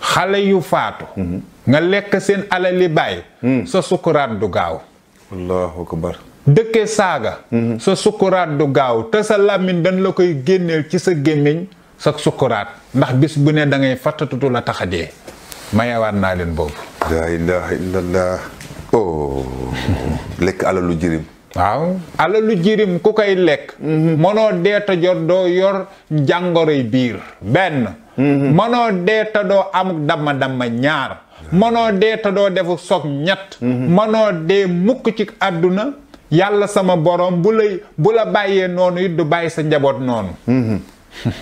xale yu faatu mhm. nga lekk seen alali bàyyi mhm. sa sukuraat du gaaw dëkke saaga mhm. sa sukkuraat du gaaw te sa làmmiñ dañ la koy génneel ci sa gémmiñ sa sukkuraat ndax bis bu ne da ngay fattatutu la tax a dee mayewaat naa leen boobu laa ilaha illallah oh *laughs* lekk alalu jirim waaw alalu jirim ku koy lekk mhm. mënoo deeta jot doo yor jàngoroy biir benn mhm. mënoo deeta doo amuk damma-damma ñaar mënoo deeta doo defu soog ñett mënoo dee mukk ci àdduna yàlla sama borom bu lay bu la bàyyee noonu it du bàyyi sa njaboot noonu mm-hmm.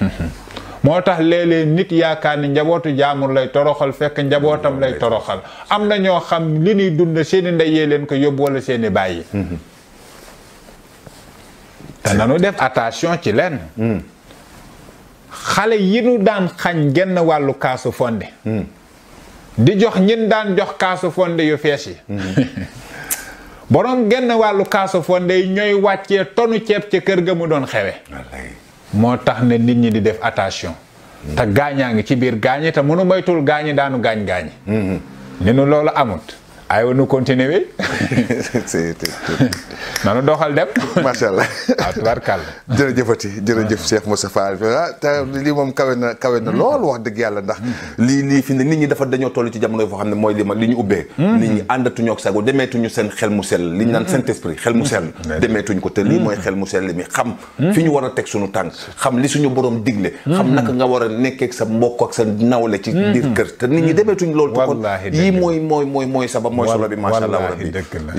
*laughs* moo tax léeg-léeg nit yaakaar ni njabootu jaamur lay toroxal fekk njabootam lay mm-hmm. toroxal am na ñoo xam li ñuy dund seeni ndeyee leen ko yóbbu wala seeni bàyyi mm-hmm. te nanu def attention ci leen mm. xale yi nu daan xañ genn wàllu kaasu fonde mm. di jox ñin daan jox kaasu fonde yu fees yi *laughs* borom genn wàllu Casamance day ñooy wàccee tonu ceeb ca kër ga mu doon xewe moo tax ne nit ñi di def attention te gaañaa ngi ci biir gaañi mu mënu moytul gaañi daanu gaañ gaañi. Mm-hmm. ne nu loolu amut. I will nu continuer nanu doxal dem macha allah waaw ah, tubaarkàlla jërëjëfati jërëjëf Cheikh Moustapha ah, te lii moom kawe na kawe na lool wax dëgg yàlla ndax lii lii fi ne nit ñi dafa dañoo toll ci jamono foo xam ne mooy li ma li ñu ubbee hmm. nit ñi àndatuñu ak sago demeetuñu seen xel mu sell li ñu naan hmm. Saint Esprit xel mu hmm. sell demeetuñ ko te mooy xel mu sell mi xam fi ñu war a teg suñu tànk xam li suñu boroom digle xam naka nga war a nekkeek sa mbokk ak sa nawle ci biir kër te nit ñi demeetuñ loolu te kon yii mooy mooy solo bi macha allah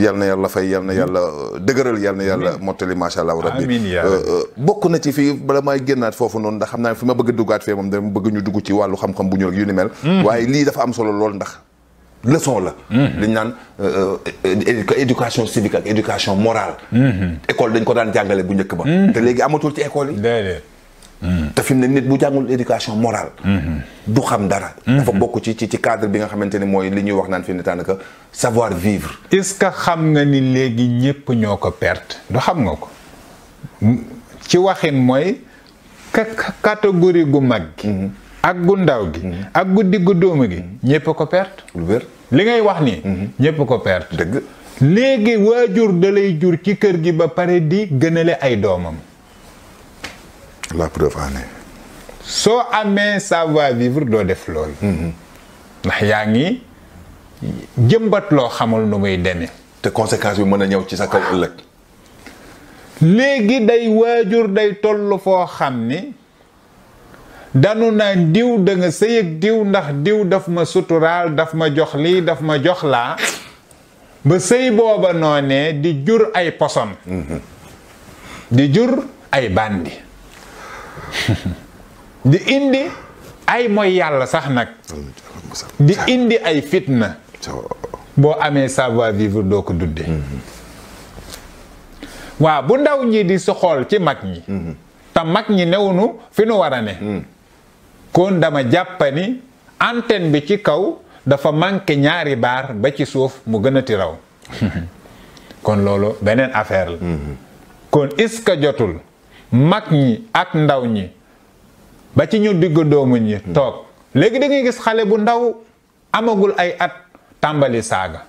yal na yàlla fay yal na yàlla uh, dëgëral yal na yàlla mottali macha allah rabbi uh, uh, bokk na ci fii bala may génnaat foofu noonu ndax xam naa fi ma bëgg duggaat fee moom dama bëgg ñu dugg ci wàllu xam-xam bu ñu yu ni mel hmm. waaye lii dafa am solo lool ndax leçon la hmm. li ñu naan éducation civique ak éducation morale hmm. école dañ ko daan jàngale bu njëkk ba te léegi amatul ci école te fi mu ne nit bu jàngul éducation morale. Mhm. du xam dara. Mhm. dafa bokk ci ci ci cadre bi nga xamante ne mooy li ñuy wax naan fi mu ne daanaka savoir vivre. est-ce que xam nga ni léegi ñépp ñoo ko perte du xam nga ko ci waxin mooy catégorie gu mag gi. Mhm. ak gu ndaw gi. ak gu diggu dóomu gi. ñépp ko perte. li ngay wax nii. ñépp ko perte. dëgg léegi waajur da lay jur ci kër gi ba pare di gënale ay doomam. la preuve en soo amee savoir vivre doo def loolu. Mhm. ndax yaa ngi jëmbat loo xamul nu muy deme te conséquence bi mën a ñëw ci sa kaw ëllëg. léegi day waajur day toll foo xam ni danu naa diw da nga sëy diw ndax diw daf ma suturaal daf ma jox lii daf ma jox laa ba sëy booba noonee di jur ay poson. Mhm. di jur ay bandi. *laughs* di indi ay mooy yàlla sax nag di indi ay fitna boo amee savoir vivre doo ko dudde waaw bu ndaw ñi di si xool ci mag ñi te mag ñi newunu fi nu war a ne kon dama jàppani ni antenne bi ci kaw dafa manqué ñaari baar ba ci suuf mu gën a ti raw *laughs* kon loolu beneen affaire la mm-hmm. kon est jotul mag ñi ak ndaw ñi ba ci ñu digg doomu ñi toog léegi dangay gis xale bu ndaw amagul ay at tàmbali saaga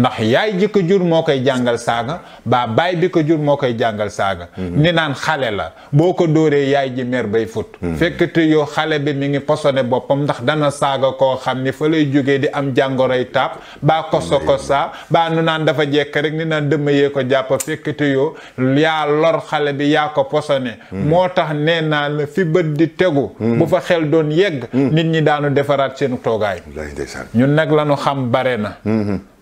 ndax yaay ji jur moo koy jàngal saaga baa baay bi ko jur moo koy jàngal saaga ni naan xale la boo ko dooree yaay ji mer bay fut fekk te yoo xale bi mu ngi posone boppam ndax dana saaga koo xam ni fa lay jógee di am jàngoroy taab baa koso kosa baa nu naan dafa jekk rek ni naan dëmm yee ko jàpp fekk te yoo yaa lor xale bi yaa ko posone moo tax nee naa la fi bët di tegu bu fa xel doon yegg nit ñi daanu defaraat seenu toogaay ñun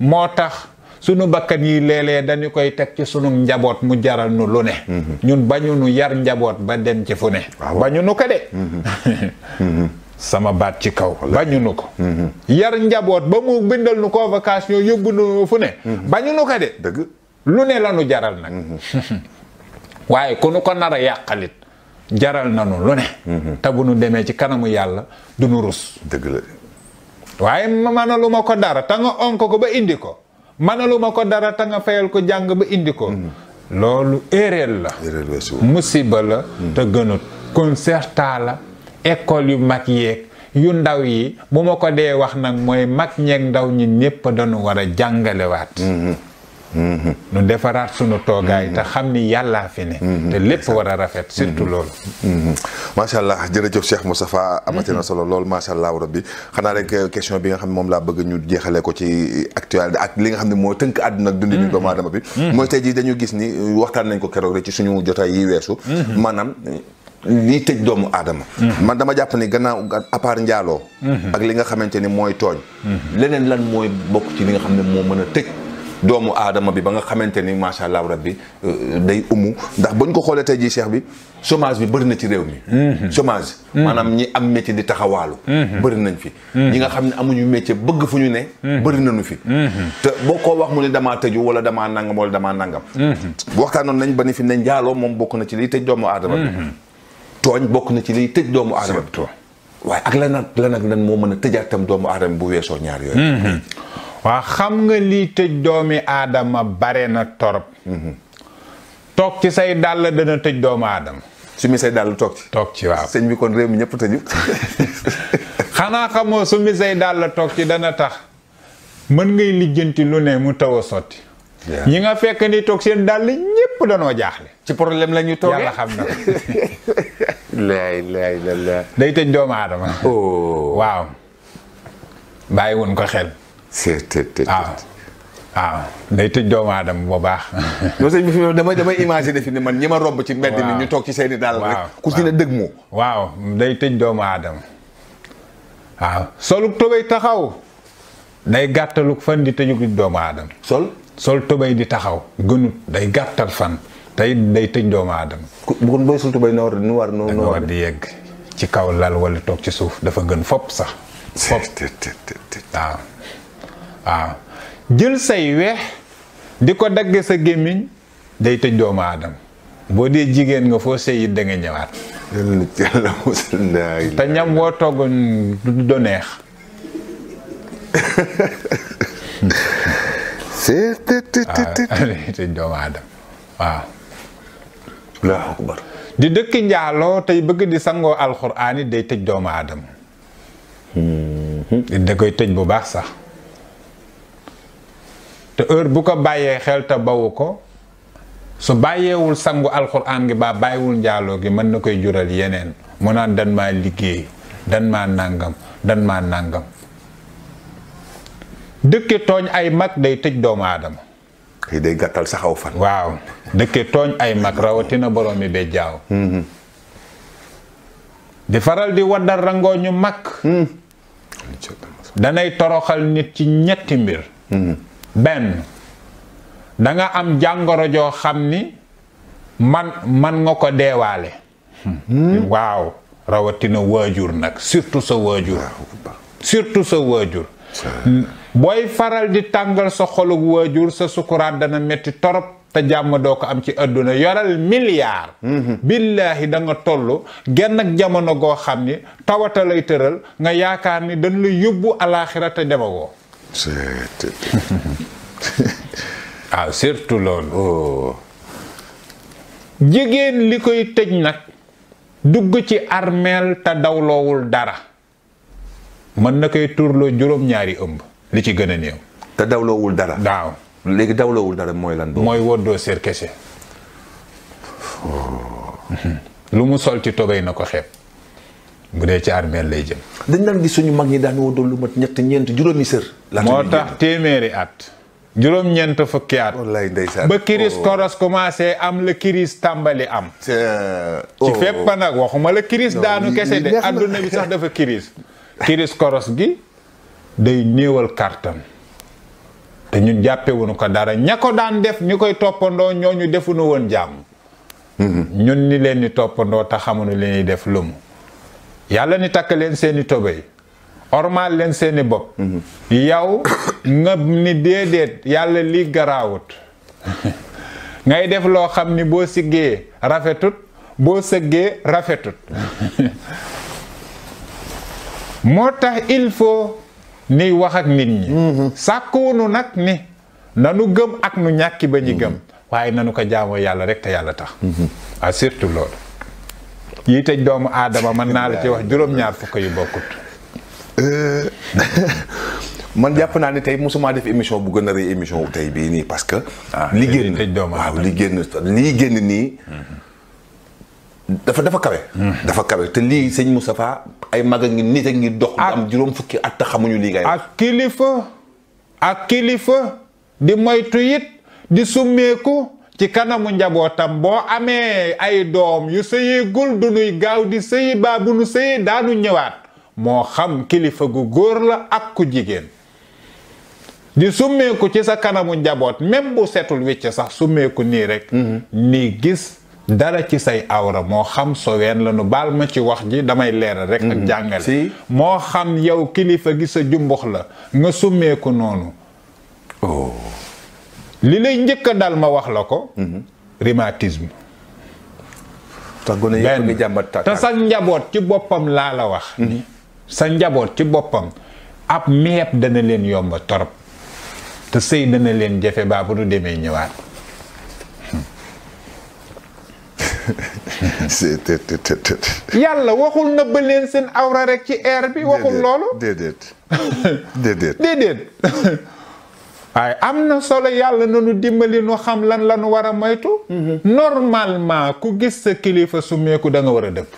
moo tax sunu bakkan yi léeg dañu koy teg ci sunu njaboot mu jaral nu lu ne ñun bañu nu yar njaboot ba dem ci fu ne bañu nu ko de *laughs* baat ci kaw bañu nu njaboot ba mu bindal nu convocation yóbbu nu fu ne bañu nu ko de lu ne la nu jaral nag mhm. *laughs* waaye ku nu ko nar yàqalit jaral nanu lu ne mhm. te nu demee ci kanamu yàlla du nu rus dëgg waaye manalu ma ko dara ta nga onk ko ba indi ko manaluma ko dara ta nga fayal ko jàng ba indi ko mm-hmm. loolu éréel la musiba la mm-hmm. te gënut concertat la école yu mag yeeg yu ndaw yi bu ma ko dee wax nag mooy mag ñeeg ndaw ñi ñépp danu war a jàngalewaat mm-hmm. nu defaraat sunu toogaay te xam ni yàllaa fi ne te lépp war a rafet surtout loolu macha allah jërëjëf Cheikh Moustapha amati na solo lool macha allah war bi xanaa rek euh, question bi nga xam ne moom laa bëgg ñu jeexale ko ci actualité ak li nga xam ne moo tënk àdduna ak dundi ñu doomu aadama bi mm-hmm. mooy tey jii dañu gis ni euh, waxtaan nañ ko keroog rek ci suñu jotaay yi weesu mm-hmm. maanaam euh, lii tëj doomu aadama mm-hmm. man dama jàpp ni gannaaw à part njaaloo ak li nga xamante ni mooy tooñ leneen lan mooy bokk ci li nga xam ne moo mën a tëj doomu aadama bi ba nga xamante ni macha allah rabbi euh, day umu ndax ñu ko xoolee tey jii cheikh bi chômage bi bëri na ci réew mi. Mhm. chômage. Mhm. maanaam ñi am métier di taxawaalu. Mhm. bëri nañ fi. ñi nga xam ne amuñu métier bëgg fu ñu ne. bëri nañu fi. te boo koo wax mu ne damaa tëju wala damaa nangam wala damaa nangam. waxtaanoon nañ ba ni fi ne njaaloo moom bokk na ci liy tëj doomu aadama bi. tooñ bokk na ci liy tëj doomu aadama bi. waaye ak la ak lan ak lan moo mën a tëjaat tam doomu aadama bu weesoo ñaar yooyu. waa xam nga lii tëj doomi aadama bare na torop mhm. toog ci say dàll dana tëj doomu aadama su mi say dàll toog ci toog ci waaw sëñ bi kon réew mi ñëpp tëju *laughs* xanaa xamoo su mi say dàll toog ci dana tax mën ngay lijjanti lu ne mu taw a sotti ñi nga fekk ni toog seen dàll ñëpp danoo jaaxle ci problème la ñu toogee yàlla xam na laay laay *laughs* la day tëj doomu aadama oh. waaw bàyyi woon ko xel waaw ah. ah. day tëj doomu aadama bu baax. *laughs* non sëñ bi fi damay damay imaginer fi ne man ñi ma robb ci mbedd mi ñu toog ci seeni daal rek ku si ne dëgg mu waaw day tëj doomu aadama waaw soluk tubéy taxaw day gàttaluk fan di tëjug doomu aadama sol sol tubéy di taxaw gënut day gàttal fan tey day tëj doomu aadama bu kon booy sol tubéy no war nu war nu war di yegg ci kaw lal wala toog ci suuf dafa gën fopp sax fopp waaw waaw jël say weex di ko dagge sa gémmiñ day tëj doomu aadama boo dee jigéen nga foo sey it da nga te ñam woo toggoon du neex *laughs* tëj doomu aadama waaw di dëkk njaaloo tey bëgg di sangoo alxuraan it day tëj doomu aadama hmm. da koy tëj bu baax sax te heure bu ko bàyyee xel te bawu ko su bàyyeewul sangu alxuraan gi baa bàyyiwul njaaloo gi mën na koy jural yeneen mu naan dan maa liggéey dan maa nàngam dan ma nàngam dëkke tooñ ay mag day tëj doomu aadama kii day gàttal saxaw fan waaw dëkke tooñ ay mag rawatina borom mi be jaaw mm-hmm. di faral di waddal rangoo ñu mag mm-hmm. danay toroxal nit ci ñetti mbir mm-hmm. benn danga am jàngoro joo xam ni man man nga ko deewaale hmm? waaw rawatina waajur nag surtout sa waajur surtout sa waajur booy faral di tàngal sa xolug waajur sa sukuraat dana metti torop te jàmm doo ko am ci àdduna yoral milliard hmm. billaahi danga tollu genn ak jamono goo xam ni tawata tëral nga yaakaar ni dañ la yóbbu alaaxira te demagoo *laughs* ah surtout loolu. Oh. jigéen li koy tëj nag dugg ci armeel te dawloowul dara mën na koy turloo juróom-ñaari ëmb li ci gën a néew. te dawloowul dara. waaw léegi dawloowul dara mooy lan. mooy woddoo seer kese. Oh. *laughs* lu mu sol ci togay na ko xeeb. bu dee ci armeel lay jëm. dañ daan gis suñu mag ñi daan woo doon lu mat ñett ñeent juróomi sër. laata moo tax téeméeri at. juróom-ñeent fukki at. wallaay ndeysaan ba kiris oh. koros commencé am la kiris tàmbali am. Euh, ci oh. fépp nag waxuma la kiris daanu kese de adduna bi sax dafa kiris. kiris koros gi day néewal kàttan te ñu jàppewuñu ko dara ña ko daan def ñu koy toppandoo ñoo ñooñu defuñu woon jàmm. Mm-hmm. ñun ni leen di toppandoo te xamuñu li ñuy def lumu. yàlla ni takk leen seeni tobay ormaal leen seeni bopp yow nga ni déedéet yàlla lii garaawut *laughs* ngay def loo xam ni boo siggee rafetut boo sëggee rafetut *laughs* moo tax il faut ni wax ak nit ñi mhm. sàkkuwunu nag ni nanu gëm ak nu ñàkki ba ñu mhm. gëm waaye nanu ko jaamoo yàlla rek te yàlla tax mhm. yi tëj doomu aadama mën naa la ci wax juróom-ñaar fukk yu bokkut. Euh, *laughs* man jàpp naa ne tey mosuma def émission bu gën a rëy émission wu tey bii nii parce que. Ah, li génn waaw li génn lii génn nii. dafa dafa kawe. Hmm. dafa kawe te lii sëñ Moustapha ay mag a ngi nit a ngi dox. am ah. juróom fukki at xamuñu lii ngay ak kilifa. ak kilifa. di moytu it di summeeku. ci kanamu njabootam boo amee ay doom yu sëyeegul du nuy gaaw di sëyi baa bu nu sëyi daanu ñëwaat moo xam kilifa gu góor la ak ku jigéen di summeeku ci sa kanamu njaboot même bu setul wicc sax summeeku nii rekk mm-hmm. nii gis dara ci say awra moo xam soween la nu baal ma ci wax ji damay leeral rek ak mm-hmm. jàngale moo xam yow kilifa gi sa jumbux la nga summeeku noonu oh. li lay njëkk a dal ma wax la ko. Mhm. rhumatisme. tax gone yëpp ngi jàmbat te sa njaboot ci boppam laa la wax. Mhm. sa njaboot ci boppam ab meeb dana leen yomb torop te sëy dana leen jafe baa bu nu demee ñëwaat. Hmm. *laughs* yàlla waxul na ba leen seen awra rek ci air bi. waxul loolu déedéet déedéet. *laughs* waaye am na solo yàlla na nu dimbali nu xam lan la nu war a moytu. Mhm. normalement ku gis sa kilifa sumeeku da nga war a dëpp.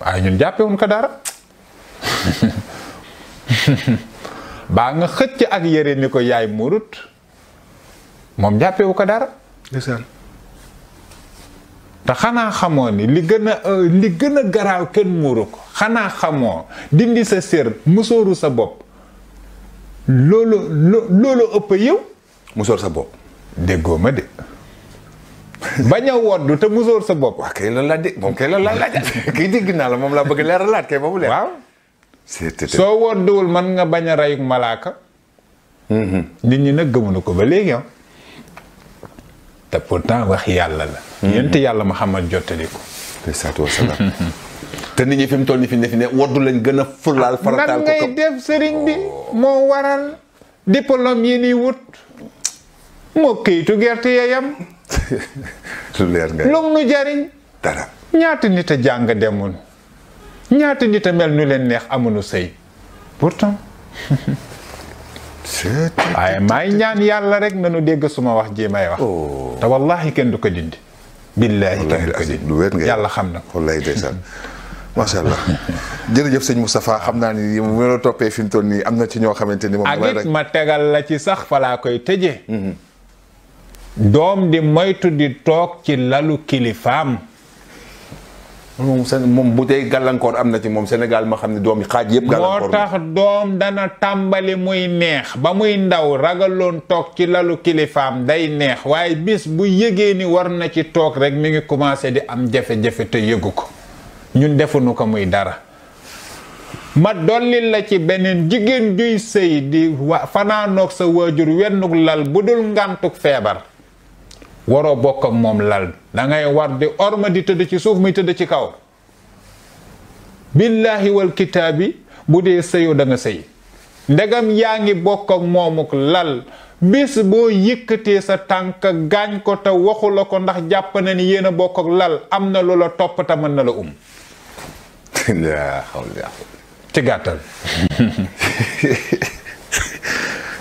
waaye ñun jàppewuñ ko dara. *laughs* baa nga xëcc ak yére ko yaay murut moom jàppewu ko dara. te xanaa xamoo ni li gën a euh, li gën a garaaw kenn muuru ko xanaa xamoo dindi sa sér musóoru sa bopp loolu loolu ëpp yow. musóor sa bopp. déggoo ma de. bañ a woddu te musóor sa bopp. waaw kay loolu laa dégg moom kay laa laaj *laughs* kay la moom laa bëgg leeralaat kay ba mu leer. waaw. soo wodduwul man nga bañ a reyug malaaka. Mm-hmm. nit ñi nag gëmuñu ko ba léegi ah. te pourtant wax yàlla la. Mm-hmm. yent yàlla Muhammad jottali ko. alayhi *laughs* te nit ñi fi mu toll nii fi ne fi ne waddu lañ gën a fulaal farataal ko ngay def sëriñ bi moo waral diplôme yi nii wut moo këyitu gerte yeyam *laughs* lu leer nga nu jariñ dara nit a jàng demul ñaata nit a mel nu leen neex amuñu sëy pourtant *laughs* waaye maay ñaan yàlla rek nu dégg suma wax ji may wax oh. te wallahi kenn du ko dindi billaahi kenn du ko yàlla xam na ko wallahi *laughs* macha allah *laughs* jërëjëf sëñ Moustapha xam naa ni mu la toppee fi mu toll nii am na ci ñoo xamante ni moom. ak it ma tegal la ci sax fa koy tëjee. doom moytu di toog ci lalu kilifaam. moom seen moom bu dee gàllankoor am na ci moom Sénégal ma xam ne doom yi xaaj yëpp. gàllankoor moo tax doom dana tàmbali muy neex ba muy ndaw ragaloon toog ci lalu kilifaam day neex waaye bis bu yëgee ni war na ci toog rek mi ngi commencé di am jafe-jafe te yëgu ko. ñun defuñu ko muy dara ma dollil la ci beneen jigéen juy sëy di wa fanaanoog sa waajur wennuk lal bu dul ngàntuk feebar waroo bokk ak moom lal dangay war di orma di tëdd ci suuf muy tëdd ci kaw billaahi wal kitaabi bu dee sëyu da nga sëy ndegam yaa ngi bokk ak moomuk lal bis boo yëkkatee sa tànk gaañ ko te waxu la ko ndax jàpp na ni yéen a bokk ak lal am na lu la topp mën na la um ci gàttal.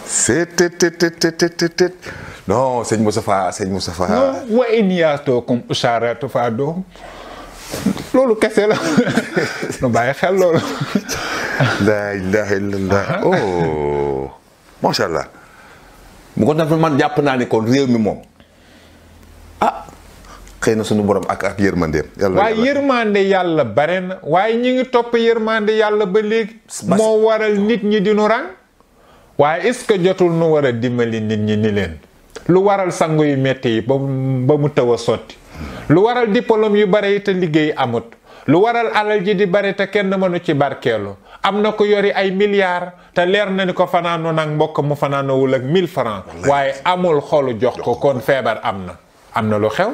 c'est tët tët tët non sëñ Moustapha sëñ Moustapha. non wa iniyaatoo comme usaraatu faa doo loolu kese la *laughs* nu bàyyi xel loolu. la ilaha illallah oh macha mu ko def man jàpp naa ni kon réew mi moom ah, xëy na suñu borom ak ak yërmandeem. yàlla waaye yërmande yàlla bare na waaye ñi ngi topp yërmande yàlla ba léegi. moo waral nit ñi di nu rang. waaye est-ce que jotul nu war a dimbali nit ñi ni lu waral sangu yu metti yi ba taw a sotti. lu waral diplôme yu bare yi te liggéey amut. lu waral alal ji di bare te kenn mënu ci barkeelu am na ku yori ay milliards te leer na ni ko fanaanoo nag mbokk mu fanaanoowul ak 1000 francs waaye amul xolu jox ko kon feebar am na am na lu xew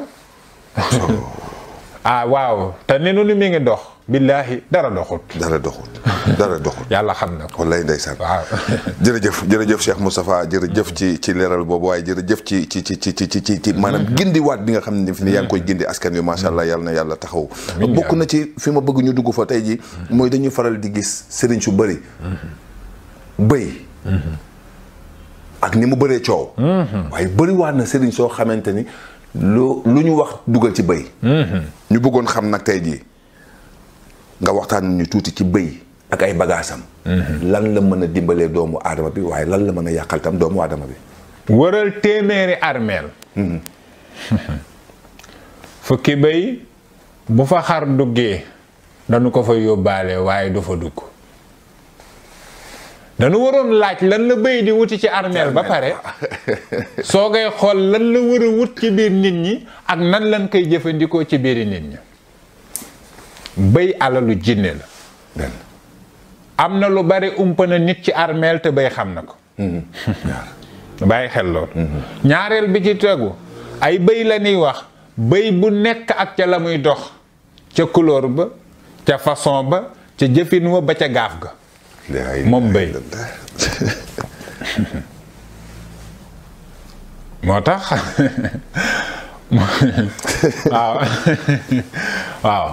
*laughs* ah waaw te ne nu mi ngi dox. billaahi dara doxut. dara doxut dara doxut. *laughs* yàlla xam na ko wallaay ndeysaan. waaw *laughs* jërëjëf jërëjëf Cheikh Moustapha jërëjëf ci ci leeral boobu waaye jërëjëf ci ci ci ci ci ci ci maanaam mm-hmm. gindi waat bi nga xam ne fi ne yaa ngi koy mm-hmm. gindi askan wi macha allah yàlla na yàlla taxaw. bokk na ci fi ma bëgg ñu dugg fa tey ji mm-hmm. mooy dañuy faral di gis sëriñ su bëri. bëy. ak ni mu bëree coow. waaye bëri waat na sëriñ soo xamante ni. lu lu ñu wax dugal ci bëy mhm. ñu bëggoon xam nag tey jii nga waxtaan ñu tuuti ci bëy ak ay bagaasam mhm. lan la mën a dimbalee doomu aadama bi waaye lan la mën a yàqal tam doomu adama bi wëral téeméeri armeel mhm. *laughs* fukki bëy bu fa xar duggee dañu ko fa yóbbaale waaye du fa dugg dañu waroon laaj lan la béy di wuti ci armeel ba pare soo ngay xool lan la war wut ci biir nit ñi ak nan lan koy jëfandikoo ci biiri nit ñi béy alalu jinne la am na lu bari umpa na nit ci armeel te béy xam na ko bàyyi xel lool mhm. ñaareel bi ci tegu ay béy la ñuy wax béy bu nekk ak ca la muy dox ca couleur ba ca façon ba ca jëfin wa ba ca gaaf ga moom mbay *laughs* moo tax *laughs* waaw *laughs* waaw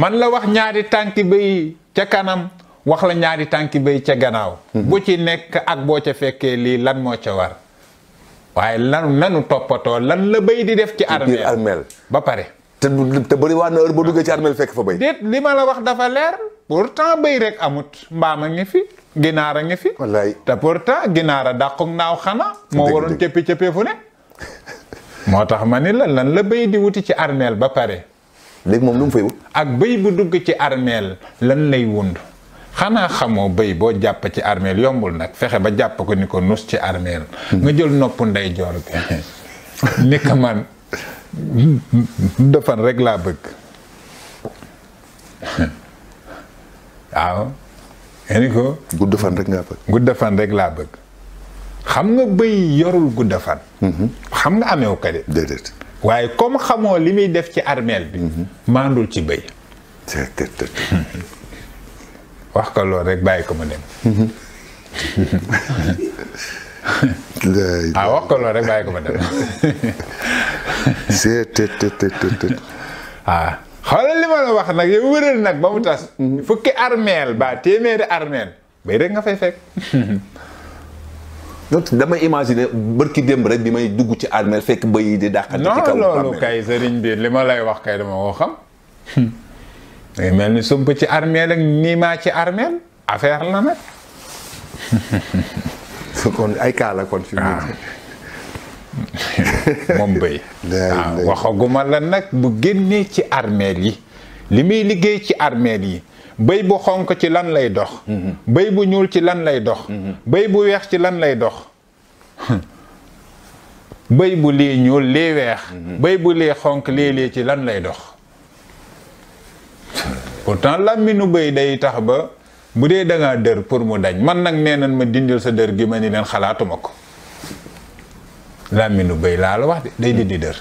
man la wax ñaari tànki bay ca kanam wax la ñaari tànki bay ca gannaaw hmm. bu ci nekk ak boo ca fekkee lii lan moo ca war waaye lan nanu toppatoo lan la bay di def ci armeel ba pare te te bëri waa na heure boo duggee ci armeel fekk fa béy. déet ma la wax dafa leer. pourtant béy rek amut mbaama ngi fi. ginaar a ngi fi. wallaay te pourtant ginaara dàqug naaw xanaa. moo waroon cëppi cëppee fu ne. *laughs* moo tax ma ni la lan la béy di wuti ci armeel ba pare. léegi moom lu mu fay ak béy bu dugg ci armeel lan lay wund xanaa xamoo béy boo jàpp ci armeel yombul nag fexe ba jàpp ko ni ko nus ci armeel. Hmm. nga jël nopp ndeyjoor bi *laughs* ni ko man. defan rek laa bëgg waaw eni ko gudd fan rek rek laa bëgg xam nga bëy yorul gudd mhm. xam nga ameew ko de waaye comme xamoo li muy def ci armeel bi mhm. maandul ci bëy wax ko loolu rek bàyyi ko mu dem mhm. *laughs* ah wax loolu rek ba dem. c'est tout tout tout ah xoolal li la wax nag yow wëral nag ba mu tas. fukki armeel ba téeméeri armeel bay rek nga fay fekk. dama imaginer bërki démb rek bi may dugg ci armeel fekk bëy di dàqante ci loolu kay sëriñ bi li lay wax kay dama ko xam. mel ni sump ci armeel ak niimaa ci armeel affaire la nag. *laughs* kon ay kaa la kon fi mu moom *laughs* ah, waxaguma la nag bu génnee ci armeel yi li muy liggéey ci armeel yi bëy bu xonk ci lan lay dox mhm. béy bu ñuul ci lan lay dox mhm. béy bu weex ci lan lay dox *laughs* béy bu lii ñuul lii weex mhm. béy bu lii xonk lii lii ci lan lay dox pourtant làmminu béy day tax ba bu dee da ngaa dër pour mu dañ man nag nee nañ ma dindil sa dër gi ma ni leen xalaatuma ko làmminu béy laa la wax de day dindi dër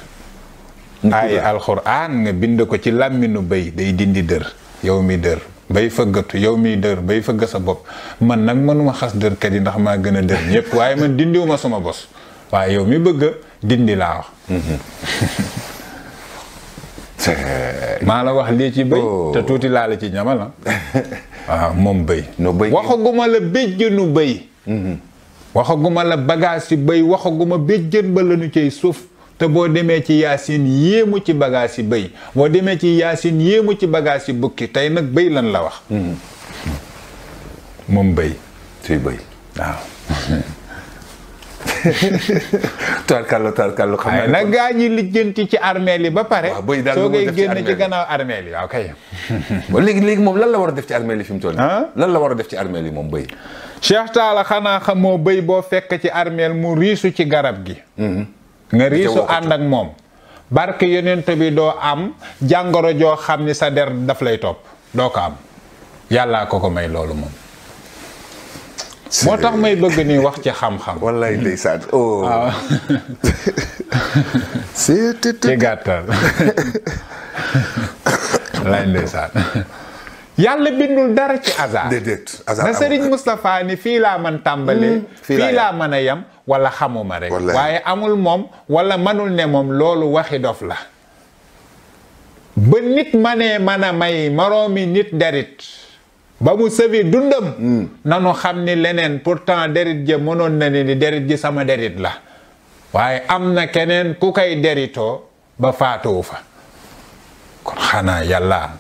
ay alxuraan nga bind ko ci làmminu béy day dindi dër yow mi dër bay fëggatu yow mi dër bay fëgg sa bopp man nag mënuma xas dërkat yi ndax maa gën a dër ñëpp waaye man dindiwuma sama bos waaye yow mi bëgg dindi laa wax mhm. *laughs* *laughs* maa la wax lii ci bëy oh. te tuuti laa la ci ñamal na ah. waaw *laughs* ah, moom bëy waxaguma la béjjënu bëy mm-hmm. waxaguma la bagage ci bëy waxaguma béjjën ba lañu cay suuf te boo demee ci yaasin yéemu ci bagaas ci bëy boo demee ci yaasin yéemu ci bagaas ci bukki tey nag bëy lan la wax mm-hmm. moom bëy suy bëy waaw *laughs* *laughs* tubarkàlla tubarkàlla xam naa gaa ñi lijjanti ci armeel yi ba pare soo koy génn ci gannaaw armeel yi waaw kay *laughs* léegi léegi moom lan la war a def ci armeel yi fi mu toll lan la war a def ci armeel yi moom bëy Cheikh Talla xanaa xamoo bëy boo fekk ci armeel mu riisu ci garab gi mm-hmm. nga riisu ànd ak moom bark yonent bi doo am jàngoro joo xam ni sa der daf lay topp doo ko am yàllaa ko ko may loolu moom moo tax may bëgg ni wax ci xam-xam. wallaay ndeysaan oh. ci yàlla bindul dara ci hasard. déedéet hasard na Serigne Moustapha ni fii laa mën tàmbalee. Hmm, fii laa mën a yem wala xamuma rek. waaye amul moom wala manul ne moom loolu waxi dof la. ba nit ma ne mën a may moroomi nit derit ba mu sëwi dundam hmm. nanu xam ni leneen pourtant derit ja mënoon na ni derit ji sama derit la waaye am na keneen ku koy deritoo ba faatuwu fa kon xanaa yàlla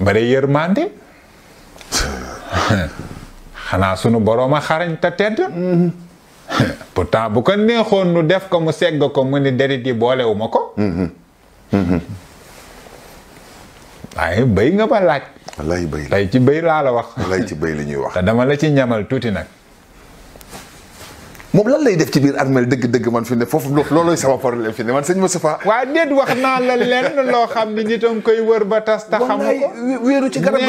bari màndi *laughs* xanaa sunu boroom a xarañ te tedd hmm. *laughs* pourtant bu ko neexoon nu def ko mu segg ko mu ni derit yi boolewuma ko hmm. waaye bay nga ba laaj wallaay béy la tey ci béy laa la wax. wallaay ci béy la ñuy wax. te dama la ci ñamal tuuti nag. moom lan lay def ci biir armel dëgg-dëgg man fi ne foofu loolooy sama problème fi ne man sëñ Moustapha. waa déet wax naa la loo xam ni nit a ngi koy wër ba tas. ta xamu wéeru ci garab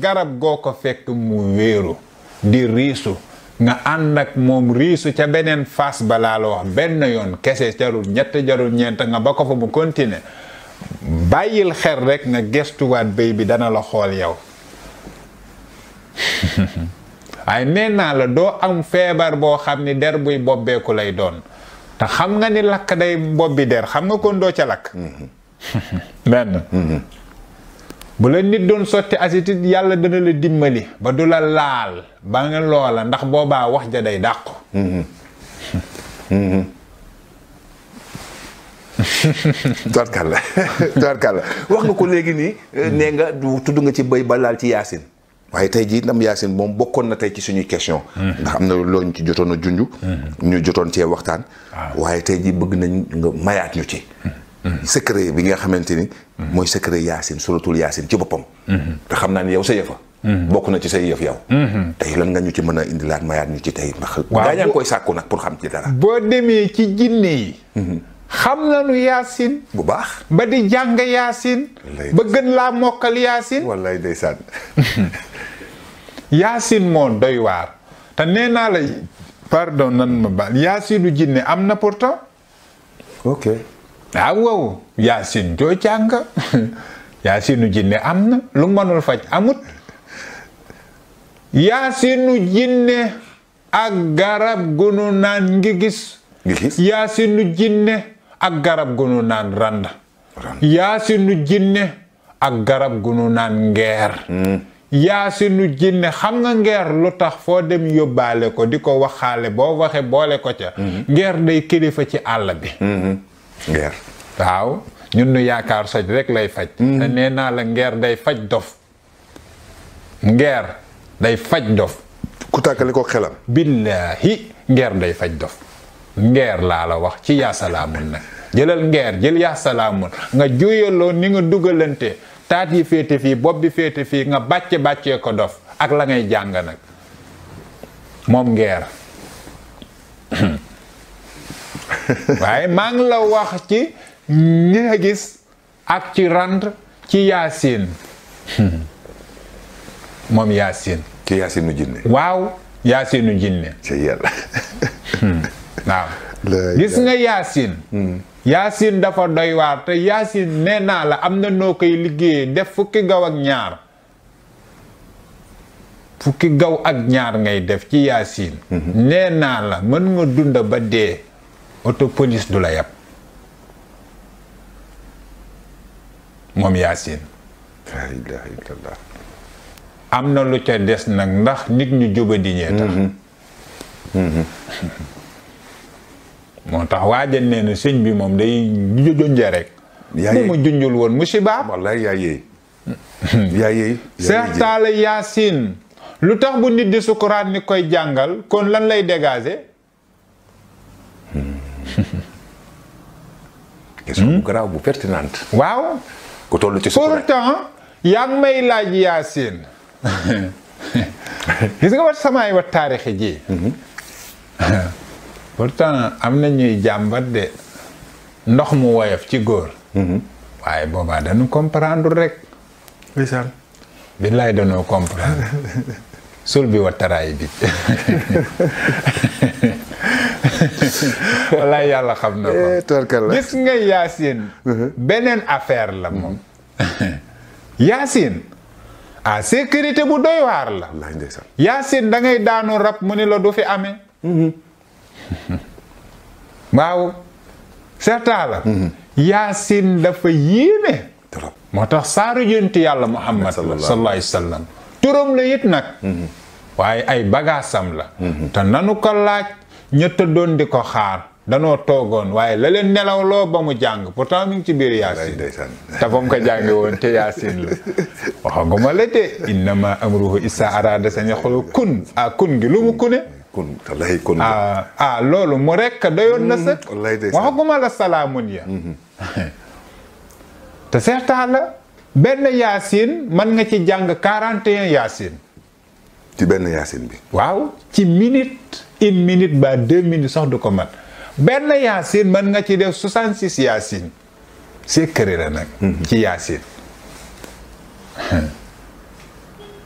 garab goo ko fekk mu wéeru di riisu nga ànd ak moom riisu ca beneen faas ba laa la wax benn yoon kese jarul ñett jarul ñeent nga ba ko fa mu continuer bàyyil xel rek na gestuwaat béy bi dana la xool yow *laughs* waaye nee la doo am feebar boo xam ni der buy bobbeeku lay doon te xam nga ni lakk day bobbi der xam nga kon doo ca lakk *laughs* benn *laughs* bu la nit doon sotti asitit yàlla dana la dimbali ba du la laal ba nga loola ndax boobaa wax ja day dàqu hmm. Hmm. tubaarkàlla *laughs* tubaarkàlla *laughs* wax nga ko léegi nii euh, nee nga tudd nga ci béy ba laal ci yaasin waaye tey jii ndam yaasin moom bokkoon na tey ci suñuy question mm-hmm. ndax am na loolu ñu ci jotoon a junj mm-hmm. ñu jotoon cee waxtaan waaye tey ji bëgg nañ nga mayaat ñu ci mm-hmm. secret bi nga xamante ni mooy secret yaasin suratul yaasin ci boppam te xam naa ni yow sa yëfa bokk na ci say yëf yow. tey lan nga ñu ci mën a indilaat mayaat ñu ci tey ndax. waaw gaa ñaa ngi koy sàkku nag pour xam nañu yaasin bu baax ba di jàng yaasin ba gën laa mokkal yaasin *laughs* yaasin moo doy waar te nee naa la pardon nan ma baal yaasinu jinne am na pourtant ok ah wow yaasin joo jàng *laughs* yaasinu lu mënul faj amut yaasinu jinne ak garab gunu naan ngi gis ngi gis yaasinu jinne ak garab gu nu naan randa yaasinu jinne ak garab gu nu naan ngeer hmm. yaasinu jinne xam nga ngeer lu tax foo dem yóbbaale ko di ko waxaale boo waxe boole ko ca hmm. ngeer day kilifa ci àll bi hmm. ngeer waaw ñun nu yaakaar soj rekk lay faj te nee naa la ngeer day faj dof ngeer day faj dof ku tàkkale ko xelam billaahi ngeer day faj dof ngeer laa la wax ci yaa salaamun nag jëlal ngeer jël yaa nga juyaloo ni nga dugalante taat yi féete fii bopp bi féete fii nga bàcce bàccee ko dof ak la ngay jàng nag moom ngeer *coughs* waaye maa ngi la wax ci ñi gis ak ci rand ci yaasin *coughs* moom yaasin ci yaasinu jinne *coughs* waaw gis nga yaasin yaasin hmm. dafa doy waar te yaasin nee naa la am na noo koy liggéeyee def fukki gaw ak ñaar ngay def ci yaasin hmm. nee naa la mën nga dund ba dee oto du la yàpp moom yaasin am na lu ca des nag ndax nit ñu juba di ñee tax hmm. *laughs* moo tax waa nee na sëñ bi moom day junjee rek. yaa yey mu ma woon musiba. wallaay yaa yey. yaa yey. Yaasin lu tax bu nit di sukuraat ni koy jàngal kon lan lay dégager. Hmm. question bu hmm? grave waaw. ku ci sukuraat may laaj Yaasin. *laughs* gis nga wat samaay wat taarixi ji. Mm-hmm. *laughs* pourtant am na ñuy jàmbat de ndox mu woyof ci góor mhm. waaye boobaa dañu comprendre rek ndeysaan billaay dañoo comprendre *laughs* sul bi wattaraay bi *laughs* wallaay yàlla xam na ko eh, gis nga Yacine mhm. beneen affaire la moom *laughs* Yacine ah sécurité bu doy waar la Yacine da daanu rab mu ni la du fi amee mhm. *laughs* waaw certain la mm-hmm. yaasin dafa yéeme moo tax saaru yonti yàlla muhammad sallallahu alayhi wa sallam turam la it nag mm-hmm. waaye ay bagaasam la mm-hmm. te nanu ko laaj ña tëddoon di ko xaar danoo toogoon waaye la leen loo ba mu jàng pourtant mi ci biir yaasin te fa mu ko jànge woon te yaasin la waxanguma la de innama amruhu isa arada sañ a xolu kun a kun gi lu mu kune kon ah, ah, loolu mu rek doyoon na mm, sa waxaguma la ya mm-hmm. *laughs* te seetaan la benn yaasin mën nga ci jàng 41 yaasin ci benn yaasin bi waaw ci minute une minute ba deux minutes sax du ko man benn yaasin mën nga ci def 66 yaasin c'est këré la nag mm-hmm. ci yaasin *laughs*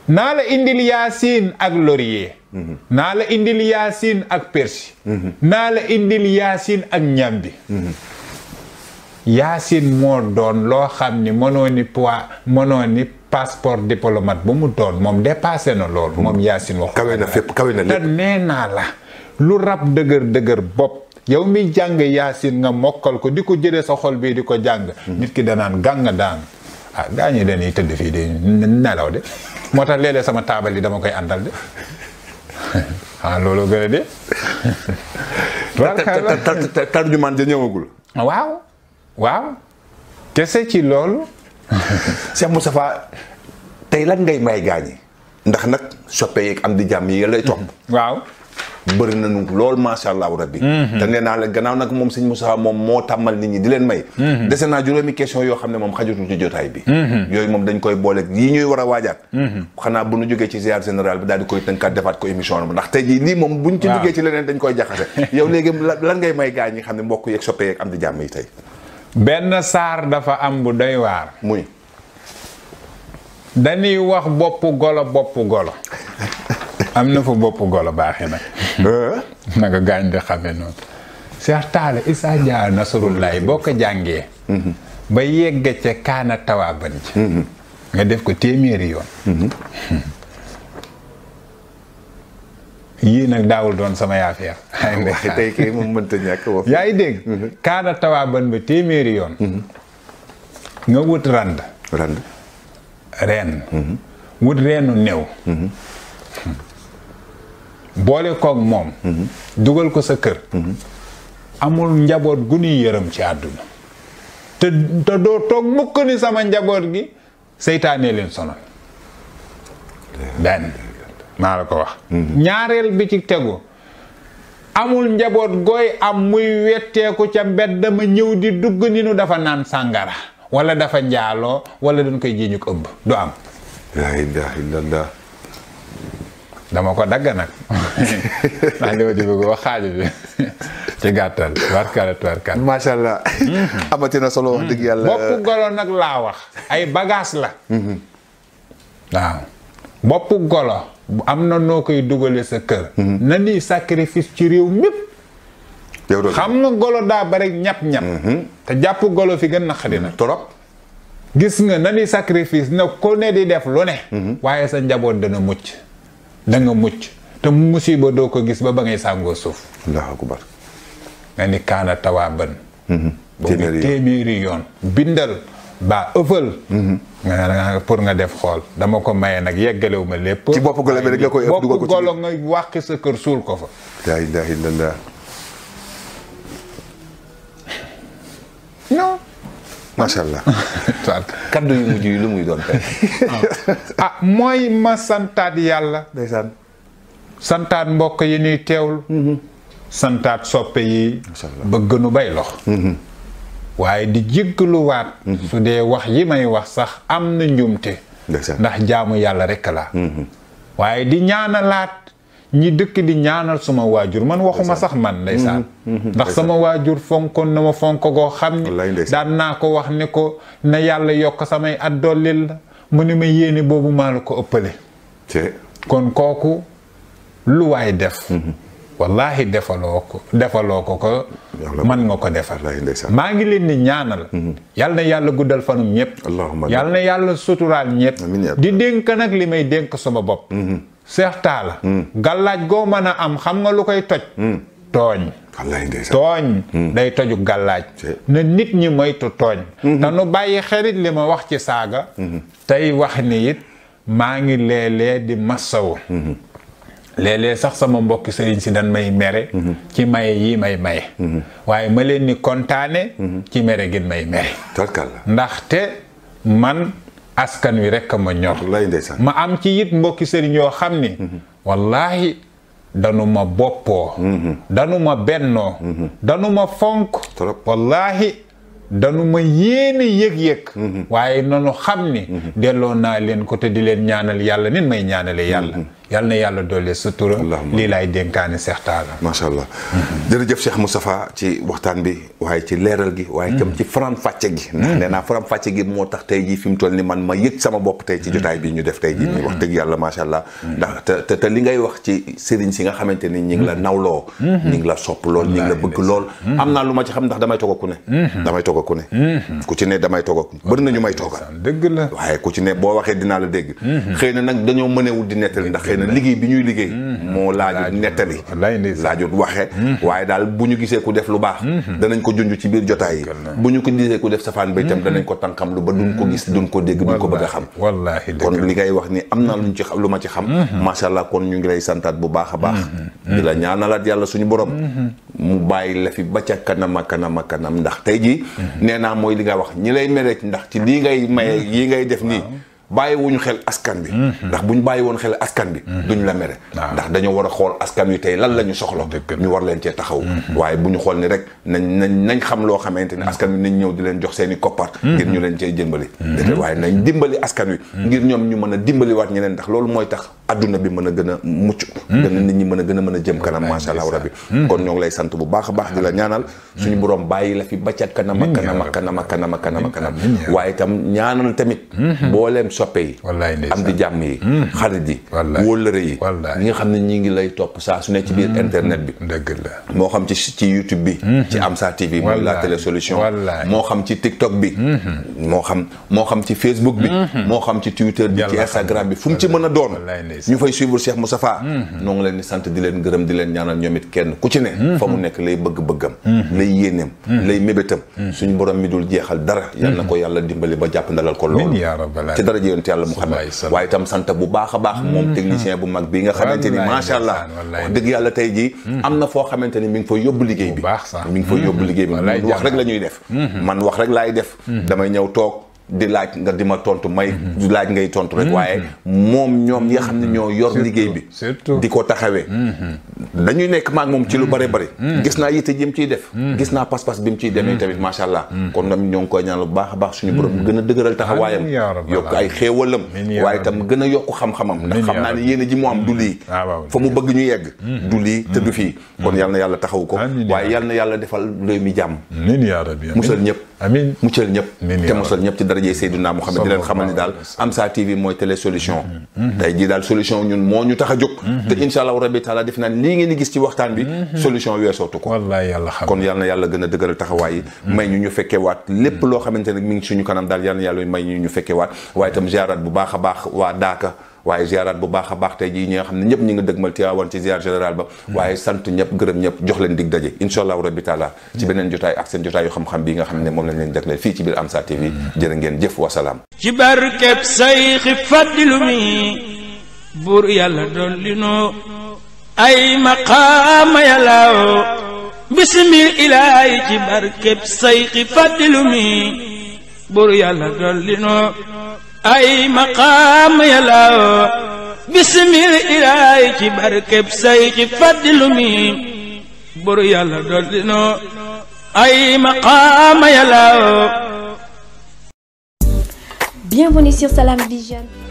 naa la indil yaasin ak laurier mhm. naa la indil yaasin ak persil mhm. naa la indil yaasin ak ñambi mhm. yaasin moo doon loo xam ni mënoo ni poids mënoo ni passeport diplomate bu mu doon moom dépassé na loolu moom yaasin wax kawe na fépp kawe na lépp te nee naa la lu rab dëgër dëgër bopp yow mi jàng yaasin nga mokkal ko di ko jële sa xol bii di ko jàng nit ki danaan gàng daan ah gaa ñi tëdd fii di nelaw de moo tax léeg sama taabal yi dama koy àndal de ah loolu gën a de. tarjumaan ja ñëwagul. waaw waaw. kese ci loolu. Cheikh Moustapha tey lan ngay may gaañi ndax nag soppe yeeg am di jàmm yi lay topp. waaw. bëri nañu lool macha allahu rabbi mhm. te nee naa la gannaaw nag moom sëñ Moussa moom moo tàmmal nit ñi di leen may mhm. dese naa juróomi question yoo xam ne moom xajutul ci jotaay bi mhm. yooyu moom dañ koy boole yii ñuy war a waajaat xanaa bu ñu jógee ci ziar général bi daal di koy tënkaat defaat ko émission bi ndax tey jii lii moom buñ ci jógee ci leneen dañ koy jaxase *laughs* yow léegi lan ngay may gaa ñi xam ne mbokk yeeg soppe yeeg am di jàmm yi tey benn saar dafa am bu doy waar muy dañuy wax boppu golo boppu golo *laughs* am na fa bopp golo baaxee nag *laughs* na nga gaañ de xamee noonu Cheikh Taala Isa Dia Nasarullaay boo ko jàngee mm-hmm. ba yegg ca kaana tawaaban ji mm-hmm. nga def ko téeméeri yoon mm-hmm. *laughs* yii nag daawul doon sama yaafiya *laughs* tey yaa ngi dégg kaana tawaaban ba téeméeri yoon nga wut rand rand reen wut reenu new hmm. boole kook moom mhm. dugal ko sa kër mhm. amul njaboot gu nuy yërëm ci àdduna te te doo toog mukk ni sama njaboot gi seytaane leen sono benn maa la ko wax mhm. ñaareel bi ci tegu amul njaboot gooy am muy wetteeku ca mbedd ma ñëw di dugg ni nu dafa naan sàngara wala dafa njaaloo wala dañ koy jiiñu ko ëbb du am dama ko dagg nag *laughs* ndax li ma ci bëgg wax xaaju bi *laughs* ci gàttal tubarkalla tubarkalla macha allah mhm. amati solo wax dëgg mhm. yàlla boppu golo nag laa wax ay bagage la mhm. waaw boppu golo am na noo koy dugale sa kër na ni sacrifice ci réew mépp xam na golo daa bare ñap-ñap te jàpp golo fi gën naqari na torop gis nga na ni sacrifice na ko ne di def lu ne waaye sa njaboot dana mucc da nga mucc te mu musiba doo ko gis ba ba ngay sàngoo suuf. allahu nga ni kaana tawaaban. Mhm. téeméeri yoon téeméeri yoon bindal ba ëffal. Mhm. nga pour nga def xool dama ko maye nag yeggalewu ma lépp. ci bopp golo bi rek nga koy sa kër suul ko fa. laa ilaaha illallaah. non. macha allah. *laughs* kaddu yu mujj yi lu muy doon tey. Ah. ah mooy ma santaat yàlla. ndeysaan. santaat mbokk yi ñuy teewul. Mm-hmm. santaat soppe yi. bëgg nu bay lox. Mm-hmm. waaye di jéggaluwaat. Mm-hmm. su dee wax yi may wax sax am na njuumte. ndax jaamu yàlla rek la waaye di ñaanalaat. ñi dëkk di ñaanal suma waajur man waxuma sax man ndeysaan mhm, mhm, mhm. ndax sama waajur fonkoon na ma fonk goo xam ni daan naa ko wax ne ko na yàlla yokk samay at dollil la mu ni ma yéene boobu maa la ko ëppale kon kooku lu waay def wallahi defaloo ko defaloo ko ko man nga ko defal maa ngi leen di ñaanal na yàlla guddal fanum ñëpp yàlla na yàlla suturaal ñëpp di dénk nag li may dénk sama bopp Seex Taala hmm. gàllaaj goo mën a am xam nga lu koy toj hmm. tooñ hmm. day toju gàllaaj na nit ñi moytu tooñ te nu bàyyi xerit li ma wax ci saaga tey wax ni it maa ngi léeg-léeg di massawu léeg-léeg sax sama mbokki sëriñ si dan may mere ci maye yi may maye waaye ma leen ni kontaane ci mere gi may mere ndaxte man askan wi rek ma ñor ma am ci it mbokki sëriñ yoo xam ni mm-hmm. wallaahi danu ma boppoo mm-hmm. danu ma bennoo mm-hmm. danu ma fonk wallaahi danu ma yéene yëg-yëg waaye nanu xam ni delloo naa leen ko te di leen ñaanal yàlla nin may ñaanale yàlla yal na yàlla doole sutura lii laay dénkaane Cheikh Talla macha allah mm-hmm. jërëjëf Cheikh Moustapha ci waxtaan bi waaye ci leeral gi waaye mm-hmm. ci faram fàcce gi ndax mm-hmm. nee naa faram fàcce gi moo tax tey jii fi mu toll ni man ma yëg sama bopp tey ci jotaay bi ñu def tey jii nii wax dëgg yàlla macha allah ndax te te li ngay wax ci sëriñ si nga xamante ni ñi la nawloo ñi ngi la sopp lool ñi ngi la bëgg lool am naa lu ma ci xam ndax damay toog ku ne damay toog ku ne ku ci ne damay toog ku ne bëri nañu may toogal dëgg la waaye ku xëy liggéey bi ñuy liggéey moo laajut nettali laajut waxe hmm. waaye daal bu ñu gisee ku def lu baax hmm. danañ ko junj ci biir jotaay yi bu ñu ko gisee ku def safaan ba tam hmm. danañ ko tànkamlu ba duñ ko gis duñ ko dégg duñ ko bëgg a xam wallaahi kon li ngay wax ni am na luñ ci xam lu ma ci xam macha allah kon ñu ngi lay santaat bu baax a baax di la ñaanalaat yàlla suñu borom mu bàyyi la fi ba ca kanam a kanam ndax tey jii nee naa mooy li ngay wax ñi lay mere ndax ci lii ngay maye yi ngay def nii bàyyi wuñu xel askan bi mhm. ndax bu ñu bàyyi woon xel askan bi mhm. duñ la mere ndax dañoo war a xool askan wi tey lan la ñu soxla ñu war leen cee taxaw mhm. waaye bu ñu xool ni rek nañ nañ nañ xam loo xamante ni askan wi nañ ñëw di leen jox seen i koppar ngir ñu leen cee jëmbali déedéet waaye nañ dimbali askan wi ngir ñoom ñu mën a dimbali waat leen ndax loolu mooy tax adduna bi mën a gën a mucc hmm. gën a ñi mën a gën a mën a jëm hmm. kanam macha allah bi hmm. kon ñoo lay sant bu baax baax di la ñaanal suñu borom bàyyi la fi ba ca kanam ak kanam ak kanam ak kanam ak kanam ak waaye itam ñaanal tamit booleem soppe yi am jàmm yi xarit yi wóllëre yi ñi nga xam ne ñi ngi lay topp saa su ne ci biir internet bi dëgg la moo xam ci ci youtube bi ci Amsa TV mooy la télé solution moo xam ci tiktok bi moo xam moo xam ci facebook bi moo xam ci twitter bi ci instagram bi fu mu ci mën a doon ñu fay suivre Cheikh Moustapha mhm. noo ngi leen di sant di leen gërëm di leen ñaanal ñoom it kenn ku ci ne mhm. fa mu nekk lay bëgg-bëggam mhm. lay yéeneem lay mébétam suñu borom mi dul jeexal dara yal na ko yàlla dimbali ba jàpp ndalal ko loolu ci dara jëyoon te yàlla mu xamee waaye itam sant bu baax a baax moom technicien bu mag bi nga xamante ni macha allah wax dëgg yàlla tey jii am na foo xamante ni mi ngi fa yóbbu liggéey bi mi ngi fa yóbbu liggéey bi wax rek la ñuy def man wax di laaj nga di ma tontu may. di mhm. laaj ngay tontu rek waaye. Mhm. moom ñoom ñi nga xam ne ñoo yor liggéey bi. di ko taxawee. Mhm. dañuy nekk maak moom ci lu bare bare. gis naa yitte ji mu ciy def. gis naa pas-pas bi mu ciy demee tamit macha allah. kon nag a a dëgëral taxawaayam. yokk ay xéewalam. a yokk xam-xamam. ndax xam naa ne am du lii. Ah, mu bëgg ñu yegg. du lii te du fii. kon yal na yàlla taxawu ko. waaye yal na yàlla defal réew mi jàmm. musal ñëpp musal ñëpp te musal ñëpp darajee Seydina Mouhamed di leen xamal ni daal Amsa TV mooy télé solution mm-hmm. Mm-hmm. tey jii daal solution ñun moo ñu tax a jóg mm-hmm. te insha allahu rabbi taala def naa lii ngeen di gis ci waxtaan bi solution weesootu ko kon yal na yàlla gën a dëgëral taxawaay yi may ñu ñu fekkee waat lépp loo xamante ne mi suñu kanam daal yal na yàlla may ñu ñu fekkee waat waaye itam ziarat bu baax a baax waa daaka waaye ziaraat bu baax a baax tey jii ñi nga xam ne ñëpp ñi nga dëgmal Tiwaawan ci ziar général ba hmm. waaye sant ñëpp gërëm ñëpp jox leen dig daje insha allahu rabbi taala ci hmm. beneen jotaay ak seen jotaayu xam-xam bi nga xam ne moom lañ leen jagleel fii ci biir Amsa TV hmm. jërë ngeen jëf wasalaam ci yàlla dolli noo ay maqaama yàllaaw ci barkeb sayxi faddilu mi buur yàlla dolli noo ay maqaam yalaw bisimil ilaay ci barkeb say ci mi bur yàlla dollino ay maqaam yalaw Bienvenue